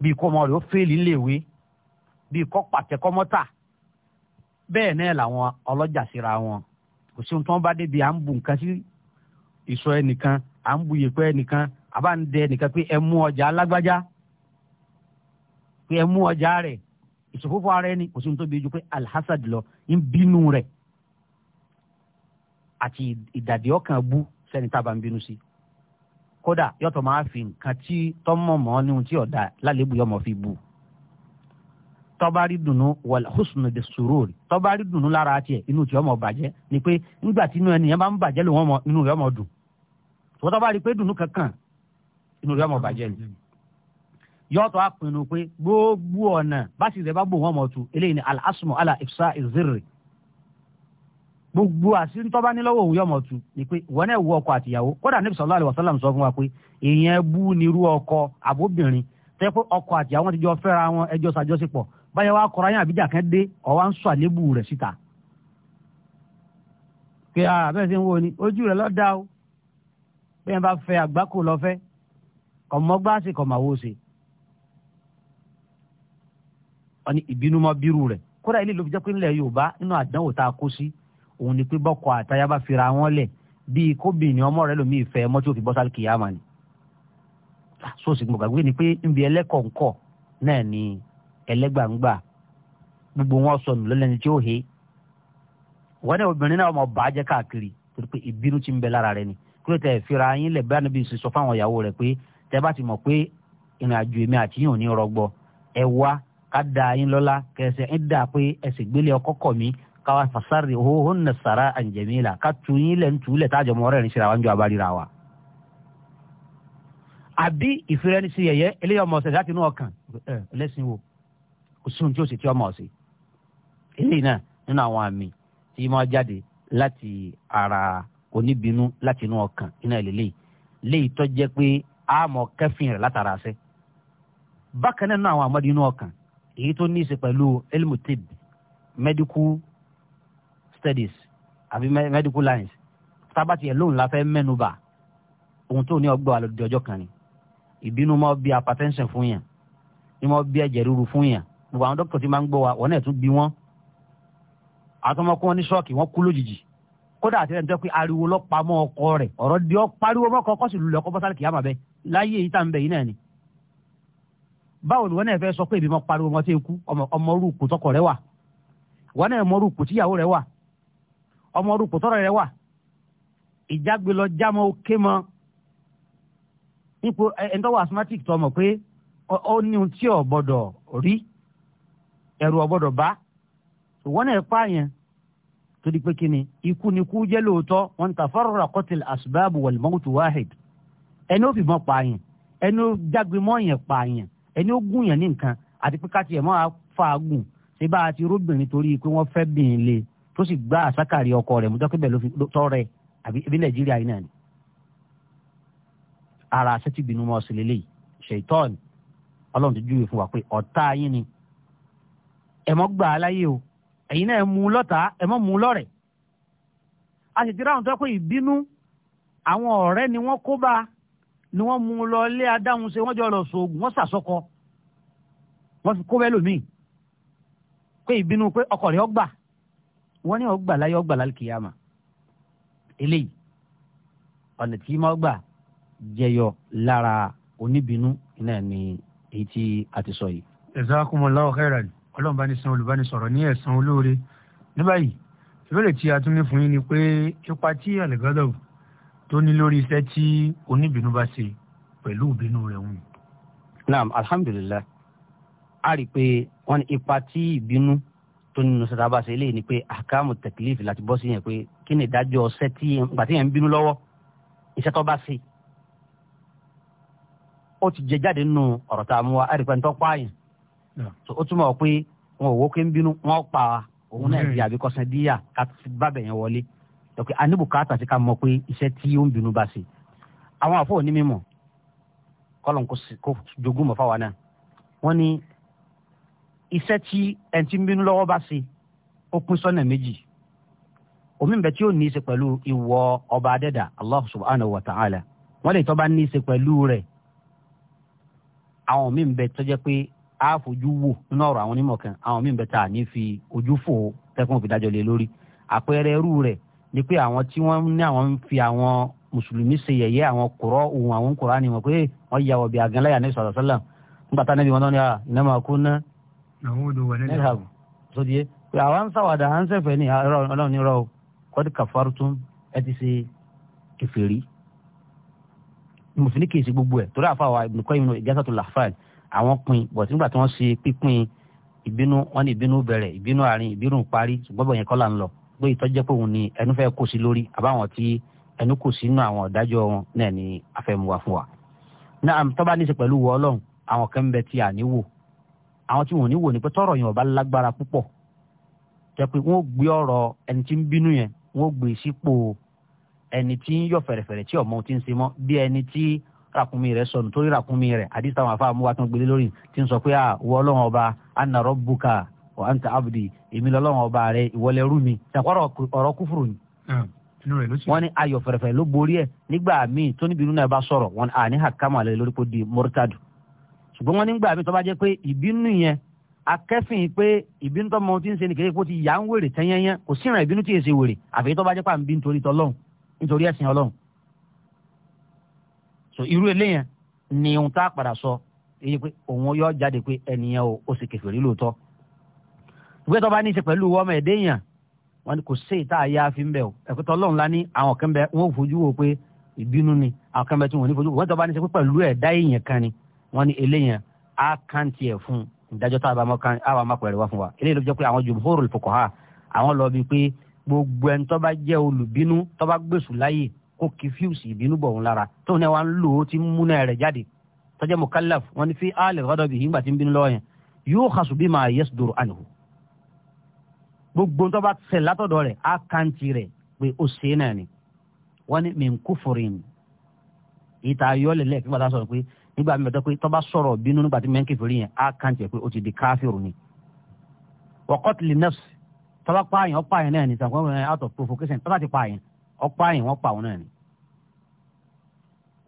bíi kọ́ ọmọ rẹ̀ ó fẹ́ẹ̀lì léèwé bíi kọ́ pàtẹ́kọ́ mọ́tà bẹ́ẹ̀ náà làwọn ọlọ́jà síra wọn kò sí ohun tí wọ́n bá débi à ń bu nǹkan sí ìsọ ẹnìkan à ń bu yèpẹ́ nìkan àbá ń dẹ nìkan pé ẹ mú ọjà alágbájá pé ẹ mú ọjà rẹ̀ ìṣòfófó ara ẹni kò sí ní tó bí ju pé alhassad lọ ń bínú rẹ̀ àti ìdàdí ọkàn bú sẹ́ni tá a bá ń bínú sí kódà yọtọ̀ máa fi nǹkan tí tọ́mọ̀mọ́ níhun tí ọ̀dà lálébù yọmọ fi bù tọ́ba rí dùnú wal husnu bis sururi tọ́ba rí dùnú lára tiẹ̀ inú tí ọmọ bàjẹ́ ni pé nígbà tí inú ẹni yẹn bá ń bàjẹ́ lòun inú rẹ̀ ọmọ dùn tọ́tọ́ bá rí i pé dùnú kankan inú rẹ̀ ọmọ bàjẹ́ ni yọ́tọ̀ àpinnu pé gbogbo ọ̀nà báṣì rẹ̀ bá gbòòwò ọmọ tu eléyìí ni al-asmu ala ifsa izirri gbogbo àṣírí tó bá ní lọ́wọ́ tu ni pé wọn náà wọ ọkọ àtìyàwó kódà níbi sallallahu alaihi wasallam sọ fún wa pé èèyàn bú nírú ọkọ àbóbìnrin tó yẹ pé ọkọ àtìyàwó wọn ti jọ fẹ́ra wọn ẹjọ́ ṣàjọṣepọ̀ báyẹn wá kọra yín àbíjà kan dé ọwá ń sọ àlébù rẹ̀ síta. pé àbẹ́sẹ̀ ń wo ni ojú rẹ̀ lọ́ọ́ da o bí wọn bá fẹ́ àgbákò lọfẹ kọmọgbàsì kọmọwó ṣe wọn ni ìbínú mọ bírù rẹ kódà ilé ló fi jẹ́ pé nílẹ̀ Yorùbá nínú àdánwò tá a kó sí òun ni pé bọkọ àtayá fira wọn lẹ bíi kóbìnrin ọmọ rẹ lòmíì fẹ́ mọ tí ó fi bọ sálì kìyàmà ni sóòsì gbọgbàgbé ni pé nbí ẹlẹkọọkọ náà ni ẹlẹgbàǹgbà gbogbo wọn sọnù lọlẹni tí ó he wọn ní obìnrin náà ọmọ bàá jẹ káàkiri torí pé ìbínú ti ń bẹ lára rẹ ni kúrò tẹ fira yín lẹ bá níbi ìsìsọ fáwọn ìyàwó rẹ pé tẹ bá ti mọ pé ìrìn àjò èmi àti yín ò ní rọgbọ ẹ wá ká da yín lọ́la kẹsẹ̀ ń dà pé ẹsẹ gbélé ọkọ la ká tu yín ń tu tájọ wa abárira wa. àbí yẹyẹ eléyà ọmọ láti inú ọkàn tí sì ti ọmọ oníbinú láti inú ọkàn iná ìlélẹ́yìí léyìí tó jẹ́ pé àmọ́ kẹ́fìn rẹ̀ látara ṣe. bákan náà àwọn àmọ́dé inú ọkàn èyí tó ní í ṣe pẹ̀lú elmutib medical studies àbí medical lines tábàtì ẹ̀ lóun la fẹ́ mẹ́nu ohun tó ní ọgbọ́n àlòdì ọjọ́ kan ni ìbínú máa bí hypertension fún yàn ni máa bí ẹ̀jẹ̀ ríru fún yàn gbogbo àwọn dókítà tí máa ń gbọ́ wa wọ́n náà tún bí wọ́n àtọmọkùn wọn ní ṣọ́ọ̀kì wọ́n kú lójijì kódà àti ẹni tó pé ariwo lọ pamọ́ ọkọ rẹ̀ ọ̀rọ̀ di ọ pariwo mọ́kọ kọ́sì lulẹ̀ ọkọ bọ́sálì kìyàmà bẹ́ẹ̀ láyé èyí tá ń bẹ̀ yìí náà ni. báwo ni wọn náà fẹ́ sọ pé èmi mọ pariwo tí ọmọ orú kò tọkọ rẹ wà rẹ wà ọmọ kò tọrọ rẹ wà jámọ òkè mọ wà pé ó torí pé kíni ikú ni kú jẹ́ lóòótọ́ wọn tafarra qatil asbab wal mawtu wahid ẹni ó fìbọn pààyàn ẹni ó jágbe mọ́ọ̀yàn pààyàn ẹni ó gúnyàn ní nǹkan àti pé káti ẹ̀ máa fàágùn ṣé bá a ti róbìnrin torí pé wọ́n fẹ́ bìnrin le tó sì gbá àsákàrí ọkọ rẹ̀ mọ́tò kébẹ̀ ló fi tọ́rẹ̀ àbí ibi nàìjíríà yìí náà ni. ara àṣẹ ti bínú mọ́ sílẹ̀ lẹ́yìn ṣèitọ́ọ̀nì ẹ̀yin náà ẹ mú un lọ́ta ẹ mọ́ mú un lọ́rẹ̀ a sì ti ráhùn tó pé ìbínú àwọn ọ̀rẹ́ ni wọ́n kó bá ni wọ́n mú un lọ ilé adáhunṣe wọ́n jọ lọ sóògùn wọ́n sàsọkọ wọ́n fi kó bẹ́ẹ̀ lómìn pé ìbínú pé ọkọ̀ rẹ̀ ọgbà wọ́n ní ọgbà láyé ọgbà lálùkìyàmà eléyìí ọ̀nà tí máa gbà jẹyọ lára oníbínú náà ni èyí tí a ti sọ yìí. jazakumullahu khairan ọlọ́run bá ní san olùbánisọ̀rọ̀ ní ẹ̀san olóore ní báyìí ìbéèrè tí a tún ní fún yín ni pé ipa tí alẹ́gádọ́bù tó ní lórí iṣẹ́ tí oníbínú bá ṣe pẹ̀lú ìbínú rẹ̀ wù. naam alhamdulilayi a rí i pé wọ́n ní ipa tí ìbínú tó nínú sọ́tà bá ṣe eléyìí ni pé àkàmù tẹ̀kílífì láti bọ́ sí yẹn pé kí ni ìdájọ́ ọ̀sẹ̀ tí ìgbà tí yẹn ń bínú lọ́wọ́ iṣẹ́ tó bá ṣe ó ti jẹ jáde nínú ọ̀rọ̀ tá a mú wa a rí i pé ń tọ́ pààyàn ó túmọ̀ pé wọn ò wó pé ń bínú wọn pa òun náà di hmm. àbíkọ́sán díyà ká bá bẹ̀yẹn wọlé anibu aníbùkátà sí ká mọ̀ pé iṣẹ́ tí ó ń bínú bá ṣe àwọn àfọwọ́ ní mímọ̀ kọ́lọ̀ kó jogún mọ̀ fáwọn náà wọ́n ní iṣẹ́ tí ẹni tí ń bínú lọ́wọ́ bá ṣe ó pín sọ́nà méjì omi ń tí ó ní í ṣe pẹ̀lú ìwọ ọba adẹ́dà allah subhanahu wa ta'ala wọ́n lè tọ́ bá ní í ṣe pẹ̀lú rẹ̀ àwọn míì ń bẹ pé á fojú wò nínú ọ̀rọ̀ àwọn onímọ̀ kan àwọn míì bẹ́tà ní fi ojú fò tẹ́kùn fi dájọ́ lé lórí àpẹẹrẹ irú rẹ̀ ni pé àwọn tí wọ́n ní àwọn ń fi àwọn mùsùlùmí ṣe yẹ̀yẹ́ àwọn kùrọ̀ ohun àwọn kùrọ̀ ni wọ́n pé wọ́n yà wọ̀bì àgànláyà ní sọ̀rọ̀ sọ́lá nígbà tá níbi wọn náà ni iná máa kú ná. àwọn olùwà nílẹ̀ ìhàbù sódì yé pé àwa ń sàwádà à ń sẹ̀fẹ̀ ní ọlọ́run nírọ̀ kọ́dí kàfárùtún ẹ ti ṣe kẹfẹ́rí mùsùlùmí kì í ṣe gbogbo ẹ̀ torí àfa wa ibùdókọ́ ìgbésàtò làfáàlì àwọn pin bọ̀ nígbà tí wọ́n ṣe pípín ìbínú wọn ní ìbínú bẹ̀rẹ̀ ìbínú àárín ìbínú parí ṣùgbọ́n bọ̀ yẹn kọ́ là ń lọ pé ìtọ́jẹ́ pé òun ni ẹnu fẹ́ kó sí lórí àbáwọn tí ẹnu kò sí nínú àwọn ìdájọ́ wọn náà ni afẹ́muwa fún wa. náà tó bá ní í ṣe pẹ̀lú wọ ọlọ́run àwọn kan bẹ tí a àwọn tí wọn ò ní wò ni pé tọ́rọ̀ yẹn ò bá lágbára púpọ̀ jẹ́ pé wọ́n gbé ọ̀rọ̀ ẹni tí ń bínú yẹn wọ́n gbé e sípò ẹni tí ń yọ fẹ̀rẹ̀fẹ̀rẹ̀ tí ọmọ ti ń ṣe mọ́ bí ẹni tí rakunmi rẹ sọnù torí rakunmi rẹ àdìsí táwọn afá amúwa tó ń gbélé lórí ti ń sọ pé àwọ ọba anna rabbuka wa anta abdi èmi lọ́lọ́run ọba rẹ ìwọlẹ̀ kúfùrù ni. wọn ló borí nígbà míì tó níbi inú náà bá sọrọ wọn lórí di murtad ṣùgbọ́n wọ́n nígbà tó ti ń ṣe nìkejì ti yà ń wèrè so irú eléyàn ni ohun tá a padà sọ èyí pé òun yọ jáde pé ẹnìyàn o ó sì kẹfẹ́ rí lóòótọ́ ìwé tó bá ní í ṣe pẹ̀lú ọmọ ẹ̀dẹ́ èèyàn wọn ni kò sí ìta àyà fi ń bẹ̀ o ẹ̀kọ́tọ̀ ọlọ́run lá ní àwọn kan bẹ wọn ò fojú wo pé ìbínú ni àwọn kan bẹ tí wọn ò ní fojú wo wọn tó bá ní í ṣe pé pẹ̀lú ẹ̀dá èèyàn kan ni wọn ni eléyàn á kàǹtì ẹ̀ fún ìdájọ́ tá a bá máa pẹ̀rẹ̀ wá fún wa eléyìí ló jẹ́ pé àwọn jumhurul fuqaha àwọn lọ bíi pé gbogbo ẹni tó bá jẹ́ olùbínú tó bá gbèsù láyè kó kí fíùsì ìbínú bọ̀ òun lára tó ní wa ń lò ó ti ń múná rẹ̀ jáde tọ́jẹ́ mukallaf wọn ni fi alẹ́ rọ́dọ̀ bìí nígbà tí ń bínú lọ́wọ́ yẹn yóò hasu bí máa yẹ sùdòrò ànìhù gbogbo tó bá ṣẹ̀ látọ̀dọ̀ rẹ̀ á kàǹtì rẹ̀ pé ó ṣe náà ni wọ́n ní min kúfùrin ìta ayọ́lẹ̀ lẹ́ẹ̀kí nígbà tá sọ̀rọ̀ pé nígbà mi pé tó bá sọ̀rọ̀ bínú nígbà tí mẹ́ńkì fèrè yẹn á kàǹtì pé ó ti di káfíìrù ni wa qatli nafs tọ́ba pààyàn pààyàn náà ní sàkóńwó out of provocation tọ́ba ti pààyàn ọ̀pá yìí wọn pa òun náà ni.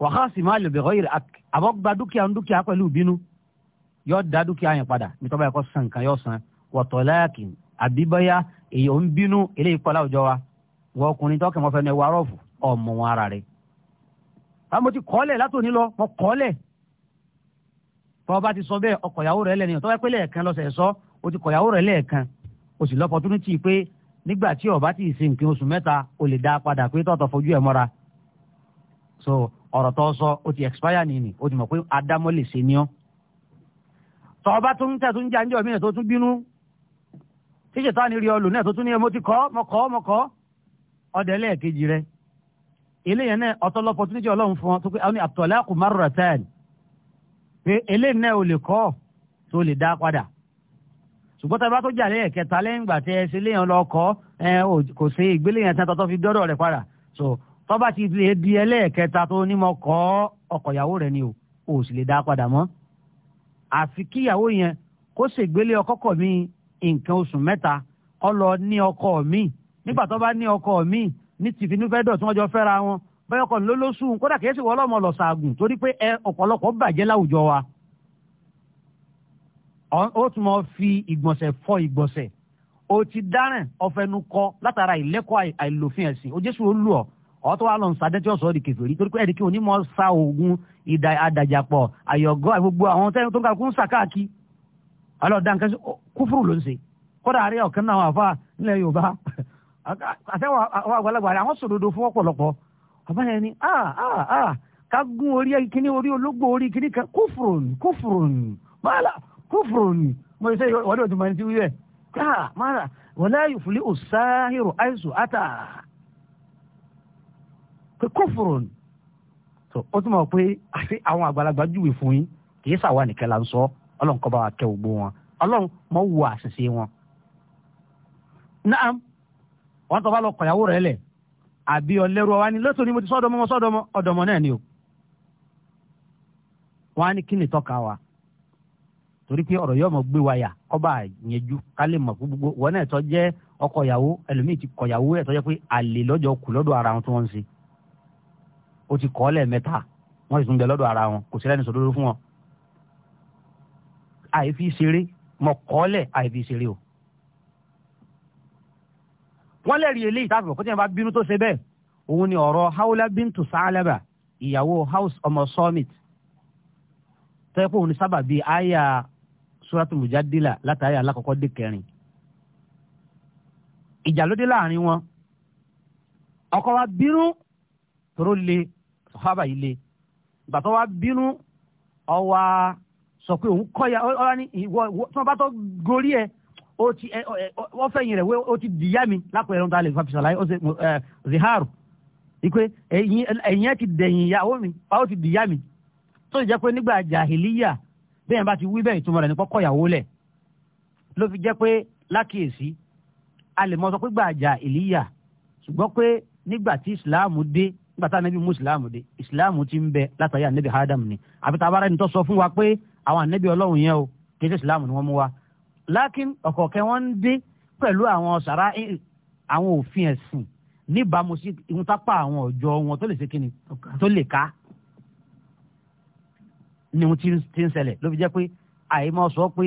wàhásì máa lè bẹ̀rọ yiri àbọ̀ dúkìá dúkìá pẹ̀lú ìbínú da dúkìá yẹn padà nítorí báyìí san nǹkan yọ san wọ̀tọ̀ láàkì àbíbáyá ń bínú eléyìí láwùjọ wa wọ ọkùnrin tó kẹ́mọ́ fẹ́ẹ́ ọmọ ara rẹ̀. ti látòní lọ tọ́ bá ti sọ bẹ́ẹ̀ ọkọ̀yàwó rẹ̀ o nígbà tí ó bá ti ṣe nǹkan oṣù mẹ́ta o lè dá a padà pé tọ́tọ̀ fojú ẹ̀ mọ́ra so ọ̀rọ̀ tó sọ o ti expire nìyí o ti mọ̀ pé adámọ́ lè ṣe ni ọ́ tọ́ ọba tó ń tẹ̀ tó ń jẹ́ àǹjọ́ mi tó tún bínú tíṣe tá ni rí ọ lò náà tó tún ní ẹ mo ti kọ́ mo kọ́ mo kọ́ ọdẹ lẹ́ẹ̀kejì rẹ eléyẹn náà ọtọlọpọ tó ní jẹ́ ọlọ́run fún ọ tó pé àwọn àtọ̀lá kò má rọ̀rọ̀ táyà pé eléyìí náà ṣùgbọ́n tá a bá tó jà lẹ́yìn kẹta lẹ́yìn ìgbà tẹ ṣe léyìn lọ kọ́ kò ṣe ìgbélé yẹn tán tọ́tọ́ fi dọ́dọ̀ rẹ̀ padà so tó bá ti lè di ẹlẹ́ẹ̀kẹta tó ní kọ́ ọkọ ìyàwó rẹ̀ ni o ò sì lè dá padà mọ́ àfi kí ìyàwó yẹn kó ṣègbélé ọkọ kọ̀ mí nǹkan oṣù mẹ́ta kó lọ ní ọkọ mi nígbà tó bá ní ọkọ mi ní tìfinúfẹ́dọ̀ tí wọ́n jọ fẹ́ra wọn bẹ́ẹ̀ ọkọ lólóṣù kódà ó tún mọ fi ìgbọ̀nsẹ̀ fọ ìgbọ̀nsẹ̀ o ti dáràn ọ̀fẹ́nukọ látara ìlẹ́kọ̀ọ́ àìlòfin ẹ̀sìn o jésù ó ọ ọ́ wa lọ ń sadẹ́tí ọ̀sọ́ di torí pé kí sa ogun ìdá àdàjàpọ̀ àyọ̀gọ́ gbogbo àwọn tẹ́yìn tó ń kàkún sàkáàkì alọ́ọ̀dá nǹkan sí ló ń ṣe náà àfa yorùbá àgbàlagbà àwọn sòdodo fún ni ká gún orí kíní orí ológbò kófòrò ni mo ṣe wọ́n dọ̀ tí mo ti wí rẹ̀ káà mara wọlé ìfúlé òsáhìrò àìsùn àtà pé ah, kófòrò ni ó tún mọ̀ pé àti àwọn àgbàlagbà júwe fún yín kì í sàwa nìkan la ń sọ ọlọ́run kọ́ bá wa kẹ́ ògbó wọn ọlọ́run mọ̀ wù àṣìṣe wọn. naam wọn tó bá lọ kọ̀yàwó rẹ̀ lẹ̀ àbí ọlẹ́rú wa ni lọ́tọ̀ ni mo ti sọ́dọ̀mọ́ sọ́dọ̀mọ́ ọ̀dọ̀mọ́ náà ni o. wọ́n á ní kí ni tọ́ka wa torí pé ọ̀rọ̀ yóò mọ̀ gbé wa yà kọ́ba yẹjú ká lè mọ̀ gbogbo wọn náà tọ́ jẹ́ ọkọ ìyàwó ẹlòmíì ti kọ ìyàwó ẹ̀ tọ́ jẹ́ pé àlè lọ́jọ́ kù lọ́dọ̀ ara wọn tí wọ́n ń ṣe ó ti kọ́ lẹ́ẹ̀mẹ́ta wọ́n sì tún bẹ lọ́dọ̀ ara wọn kò sí lẹ́nu sọ̀dọ́dọ́ fún wọn. àìfi ṣeré mọ̀ kọ́lẹ̀ àìfi ṣeré o. wọ́n lẹ́rìí eléyìí tá a fọ̀ kó bá bínú tó ṣe bẹ́ẹ̀ òun ni ọ̀rọ̀ haula bintu sa'alaba ìyàwó house ọmọ summit tẹ́kọ̀ òun ni sábà bíi aya suratul mujadila látàrí alákọ̀ọ́kọ́ dé kẹrin ìjà ló dé láàrin wọn ọkọ wa bínú tóró le sọhábà yìí le bàtọ wa bínú ọwa sọ pé òun kọyà ọlá ní ìwọ tí wọn bá tọ gorí ẹ ó ti ẹ ọ fẹ̀yìn rẹ ó ti dìyà mi lápẹẹrẹ ọdún alẹ fàfisà láyé ó ṣe ziharu ipe ẹ̀yin ẹ ti dẹ̀yìn ìyàwó mi ó ti dìyà mi tó jẹ́ pé nígbà jàhìlíyà bẹ́ẹ̀ bá ti wí bẹ́ẹ̀ ìtumọ̀ rẹ̀ ní kọ́kọ́ ìyàwó lẹ̀ ló fi jẹ́ pé lákìyèsí a lè mọ sọ pé gbàjà ìlíyà ṣùgbọ́n pé nígbà tí ìsìláàmù dé nígbà tá ànábì mú ìsìláàmù dé ìsìláàmù ti ń bẹ látàrí ànábì ádámù ni àbí tá a bá rẹ́ni tó sọ fún wa pé àwọn ànábì ọlọ́run yẹn o kì í ṣe ìsìláàmù ni wọ́n mú wa lákìn ọ̀kọ̀ọ̀kẹ́ wọ́n ń dé pẹ̀lú àwọn sàrá àwọn òfin ẹ̀sìn níbàámu sí ìhun tápá àwọn ọ̀jọ́ wọn tó lè ṣe kíni tó lè ká ni mo ti ń ṣẹlẹ̀ ló fi jẹ́ pé àìmọ́ sọ pé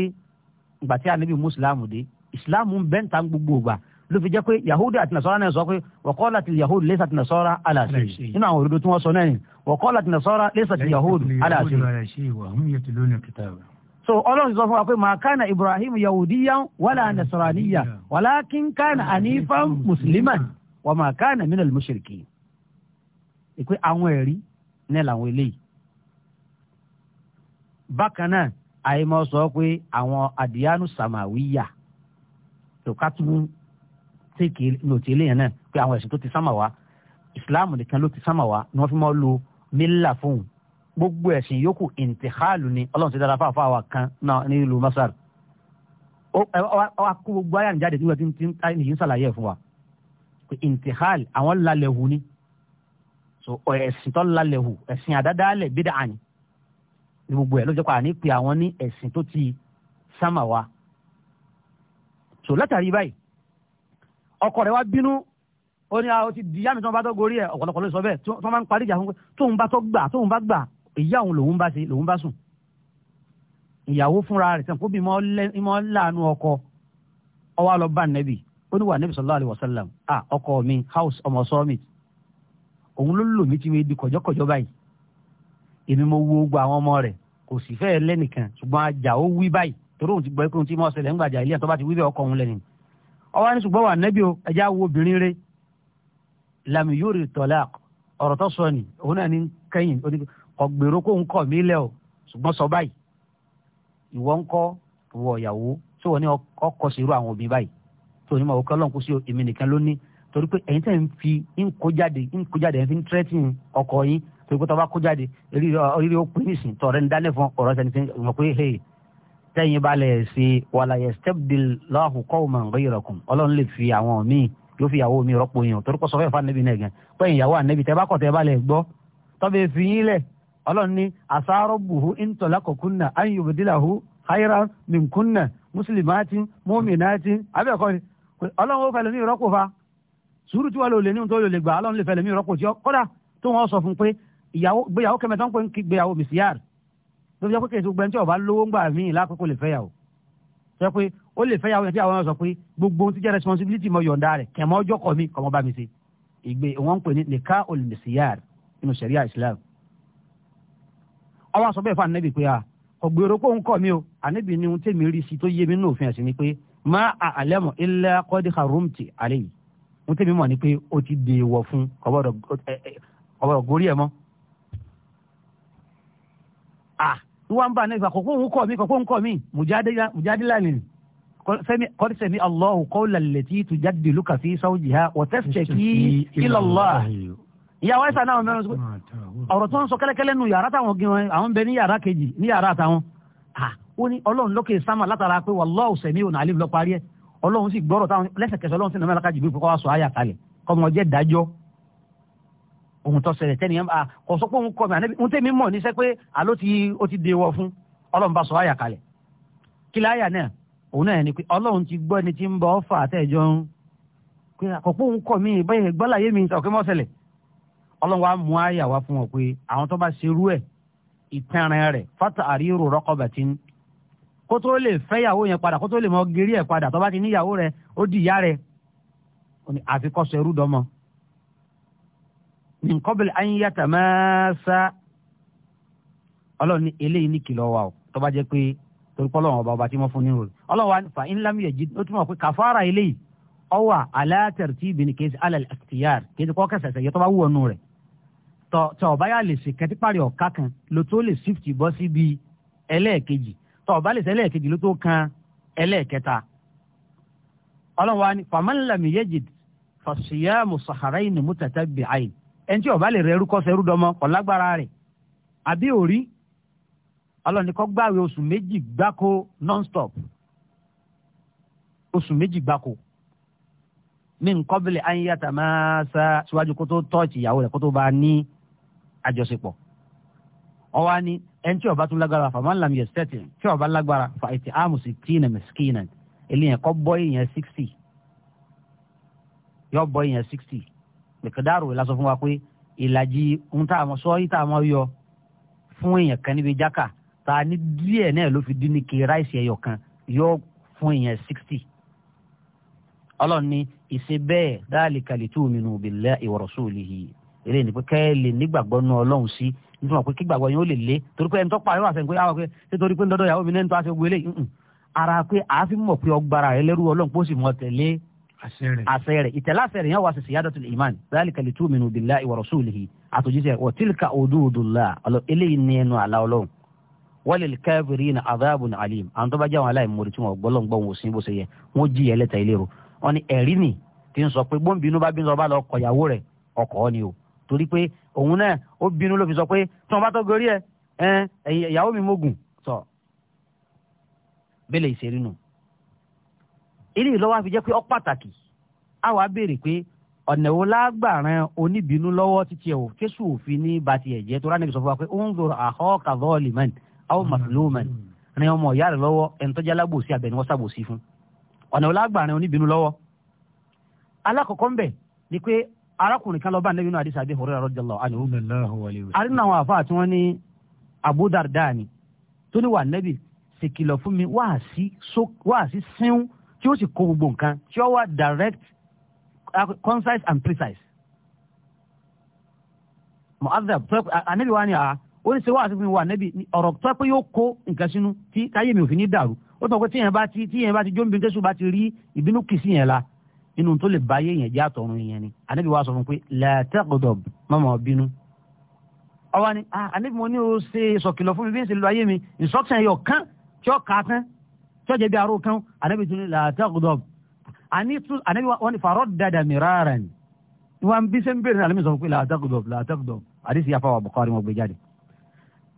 ìgbà tí ànábì mùsùlùmù dé ìsìláàmù ń bẹ́ ń ta gbogbo ògbà ló fi jẹ́ pé yahudi àti nasara náà sọ pé wọ́kọ́lá ti yahudi lẹ́sà ti nasara aláṣẹ nínú àwọn òdodo tí wọ́n sọ náà ni wọ́kọ́lá ti nasara lẹ́sà ti yahudi aláṣẹ. so ọlọ́run sọ fún wa pé màá kánà ibrahim yahudiyan wàlà nasaraniya wàlákin kánà anifan musliman wà màá kánà minal mushrikin bákan náà àìmọ sọ pé àwọn àdìyánú sàmàwíyà tó ká tún tèké lòtí eléyàn náà pé àwọn ẹ̀sìn tó ti sámà wá nìkan ló ti sámà ni wọ́n fi máa lo mílà fóun gbogbo ẹ̀sìn yòókù ìǹtìkálù ni ọlọ́run ti dára fáwọn àwọn kan náà ní ìlú masar ọkọ gbogbo ayé ànijáde tí wọ́n ti ń nìyí ń ṣàlàyé ẹ̀ fún wa pé ìǹtìkálù àwọn lálẹ́ hù ni ẹ̀sìn tó lálẹ́ hù ẹ̀sìn àdádálẹ̀ bídà àní gbogbo ẹ̀ ló jẹ́ pa àní pé àwọn ní ẹ̀sìn tó ti sámà wa. sò látàrí báyìí ọkọ rẹ̀ wá bínú ó ní àwọn ah, ti di yá mi tí wọ́n bá tó gorí ẹ̀ ọ̀pọ̀lọpọ̀ ló sọ bẹ́ẹ̀ tí wọ́n bá ń parí ìjà fún pé tóun bá tó gbà tóun bá gbà ìyá òun lòun bá ṣe lòun bá sùn. ìyàwó fúnra rẹ̀ sàn kó bí ìmọ̀ láàánú ọkọ ọwọ́ àlọ́ bá nẹ́bì ó ní wà nẹ́bì sallallahu alaihi wasallam ah ọkọ mi house ọmọ sọ́ọ̀mì òun ló lò mí ti mi di kọjọ́kọjọ́ báyìí èmi mo wo gbogbo àwọn ọmọ rẹ̀ kò sì fẹ́ lẹ́nìkan ṣùgbọ́n ajá ó wí báyìí torí òun ti gbọ́ pé òun ti mọ̀ ṣẹlẹ̀ ń gbàjà ilé ẹ̀ tó bá ti wí bẹ́ẹ̀ ọkọ òun lẹ́nu ọwọ́ ní ṣùgbọ́n wà nẹ́bí o ẹja wo obìnrin rẹ̀ lami yóò rí tọ́lá ọ̀rọ̀ tó sọ ni òun náà ní kẹ́yìn ọgbèrò kó ń kọ̀ mí lẹ̀ o ṣùgbọ́n sọ báyìí ìwọ ń kọ́ ìwọ ìyàwó tí wọ́n ní ọkọ̀ sí irú àwọn òbí báyìí tí wọ́n ní màá kọ́ lọ́nkú sí èmi lónìí torí pé ẹ̀yin tẹ̀ ń fi ń kó jáde ń fi ń tẹ́tí ọkọ yín torí pé tọ́ba kó jáde oríire ó pín nìsín tọ̀rẹ́ ń dálé fún ọ̀rọ̀ sẹ́ni sẹ́ni mọ̀ pé hey tẹ́yìn balẹ̀ ṣe wàlà yastabdillahu qawman ghayrakum ọlọ́run lè fi àwọn míì yóò fi ìyàwó mi rọ́pò yàn torí pé sọfẹ́ fanabi náà gan pé ìyàwó ànẹ́bi tẹ́ bá kọ̀ tẹ́ balẹ̀ gbọ́ tọ́bẹ̀ fi yín lẹ̀ ọlọ́run ní asarabbuhu in talaqakunna an yubdilahu khayran minkunna muslimatin mu'minatin abẹ́ẹ̀kọ́ ni ọlọ́run ó fẹlẹ̀ mí rọ́pò fa sùúrù tí lò lè ní tó lò gbà ọlọ́run lè fẹlẹ̀ mí rọ́pò tí ọ kọ́dà tó wọn sọ fún pé ìyàwó gbéyàwó kẹmẹ tó ń pè ń gbéyàwó mìsíyàr tó fi jẹ́ pé kèsì gbẹ́ni tí ọba lówó ń gbà míì lákòókò lè fẹ́yàwó sọ pé ó lè fẹ́yàwó yẹn tí àwọn náà sọ pé gbogbo ohun tí jẹ́ responsibility mọ yọ̀ǹda rẹ̀ kẹmọ ọjọ́ kọ mi kọmọ bá mi ṣe ìgbé wọn ń pè ní nìka olùmìsíyàr nínú sẹ̀ríà Islam ọwọ́ sọ bẹ́ẹ̀ fún anabi pé a ọ̀gbẹ̀rọ̀ kó ń kọ́ mi o anabi ni ohun tèmi rí sí tó yé mi ní ẹ̀sìn ni pé má a àlẹ́mọ̀ ilẹ̀ kọ́dí harumti àlẹ́ yìí ohun tèmi mọ̀ ni pé ó ti dèèwọ̀ fún ọ̀bọ̀dọ̀ gorí ẹ̀ mọ́ ah wọ́n bá ní ìfàkọ́ kóhun kọ́ mi kóhun kọ́ mi mùjádìlá ni kọ́ni sẹ́mi allahu kọ́ọ̀lá lẹ́tí tujadiluka fi zawjiha wa tashtaki ila Allah ìyàwó ẹ̀sà náà mẹ́rin sọ ọ̀rọ̀ tó ń sọ kẹ́lẹ́kẹ́lẹ́ nu yàrá táwọn gé wọn àwọn bẹ ní yàrá kejì ní yàrá táwọn ó ní ọlọ́run lókè sámà látara pé wallahu sami'un alim lọ parí ẹ ọlọ́run sì gbọ́rọ̀ táwọn ohun tó ṣẹlẹ̀ tẹ́ni yẹn kò sọ pé òun kọ́ mi ànábì ohun tẹ́mi mọ̀ níṣẹ́ pé àló ti ó ti dèwọ̀ fún ọlọ́run bá sọ àyà kalẹ̀ kí láyà náà òun náà ni pé ọlọ́run ti gbọ́ ẹni tí ń bọ́ fà àtẹ̀jọ́ ń pé àkọ́pọ̀ òun kọ́ mi bẹ́ẹ̀ gbọ́láyé mi ọ̀kẹ́ mọ́ ṣẹlẹ̀ ọlọ́run wa mú àyà wá fún ọ pé àwọn tó bá ṣerú ẹ̀ ìtanràn rẹ̀ fata àríro rọ́kọ̀bàtín kó tó lè kó min qabl an yatamasa ọlọ́run ní eléyìí ní kìlọ̀ wa o tó bá jẹ́ pé torí pé ọlọ́run ọba ọba tí wọ́n fún nínú rẹ̀ ọlọ́run wa fa in lam yajid ó túmọ̀ pé kàfàrà eléyìí ọwà ala tartibi ní kéésì ala al-ikhtiyar kéésì kọ́ kẹsẹ̀sẹ̀ yẹ tó bá wúwọ́ nù rẹ̀ tọ ọba yà lè ṣe kẹtípàrí ọ̀ka kan ló tó lè shift bọ́ síbi ẹlẹ́ẹ̀kejì tọ ọba lè ṣe ẹlẹ́ẹ̀kejì ló tó kan ẹlẹ́ẹ̀kẹta. ọlọ́run wa ni faman lam yajid fasiyamu saharayni mutatabi'ayn ẹni tí ọba lè rẹ ẹrú kọsẹ ẹrúdọmọ kọ lágbára rẹ àbí òrí ọlọ́nìkọ́ gbàwé oṣù méjì gbáko non-stop oṣù méjì gbáko ní nǹkan bílẹ̀ ayéyàtà máa sa síwájú kó tó tọ́ọ̀tì ìyàwó rẹ̀ kó tó bá a ní àjọṣepọ̀ ọwọ́ á ní ẹni ọba tún lágbára fàmọ́ ń làmì ẹ̀sẹ̀tì tí ọba lágbára fa ètì áàmù sí kíínà mẹ́sìkínà eléyàn kọ́ bọ́ èèyàn sixty yọ bọ́ èèyàn sixty mẹ̀kẹ́dárò la sọ fún wa pé ìlàjì ohun tá a mọ̀ sọ́ọ́rí tá a mọ̀ yọ fún èèyàn kan níbi jákà tá ní díẹ̀ náà ló fi dín ní kí ráìsì ẹyọ kan yọ fún èèyàn sixty ọlọ́run ní ìṣe bẹ́ẹ̀ dhalika litu'minu billahi wa rasulihi eré ni pé kẹ́ lè nígbàgbọ́ nu ọlọ́run sí nítorí pé kígbàgbọ́ yẹn ó lè lé torí pé ẹni tó parí wà sẹ́yìn pé àwọn ah, pé nítorí pé ń dọ́dọ̀ ìyàwó mi lẹ́nu tó a ṣe gbélé ara pé àáfin mọ̀ pé ọgbàrà rẹ lẹ́rú ọlọ́run pé mọ̀ tẹ̀lé àṣẹ rẹ̀ ìtẹ̀láṣẹ rẹ̀ yẹn wà sí siyadatu iman dhalika litu'minu billahi wa rasulihi àtòjíṣẹ́ wa tilka hududullah ọlọ eléyìí ní ẹnu àlá ọlọ́run walil kafirina adhabun alim àwọn tó bá jẹ́ àwọn aláìmoore tí wọ́n gbọ́lọ́ngbọ́n wò sí bó ṣe yẹ wọ́n jí ẹlẹ́ta ìlérò wọn ni ẹ̀rí nì tí ń sọ pé bó ń bínú bá bínú ọba lọ kọ̀yàwó rẹ̀ ni o torí pé òun náà ó bínú ló fi sọ pé tí wọn bá tó gorí ẹ ẹ mi mógùn sọ bẹ́lẹ̀ ìṣeré ilé ìlọ́wọ́ fi jẹ́ pé ó pàtàkì a wàá béèrè pé ọ̀nà wo lágbàrán oníbínú lọ́wọ́ títí ẹ̀ ò kéṣù òfin ní ba ti ẹ̀jẹ̀ tó ránìkì sọ fún wa pé òun zòrò akhaka zaliman aw mazluman rin ọmọ ìyá rẹ̀ lọ́wọ́ ẹni tó jẹ́ alábòsí abẹ́ni wọ́n sàbòsí fún ọ̀nà wo lágbàrán oníbínú lọ́wọ́ alákọ̀ọ́kọ́ ń bẹ̀ ni pé arákùnrin kan lọ bá nẹ́bínú àdìsá bí Hurairah radiyallahu tí ó sì kó gbogbo nǹkan tí ó wà direct concise and precise. mu'adhab tó anabi wa ni a ah, ó ní sèwá àti fún mi wà anabi ọ̀rọ̀ tó pé yóò kó nǹkan sínú tí táyé mi ò fi ní dàrú ó tọ́ pé tíyẹn bá ti tíyẹn bá ti jó nbí tẹ́sù bá ti rí ìbínú kìsì yẹn la inú tó lè báyé yẹn jẹ́ àtọ̀run yẹn ni anabi wa sọ fún pé la taqdab mọ́mọ́ bínú ọwọ́ ni anabi ah, mo ní o ṣe sọ̀kìlọ̀ fún mi bí n ṣe lo ayé mi instruction yọ̀ kán tí ó kà á tán sọ́jà bí aró kan anabi tún ní làtàkùdọ̀ anabi wọn ni farọ́ dada mìíràn ni wọn bí sẹ́ńbẹ̀rẹ̀ ní alamí sọ pé làtàkùdọ̀ làtàkùdọ̀ àdìsí yàfa wà Bukhari wọn gbé jáde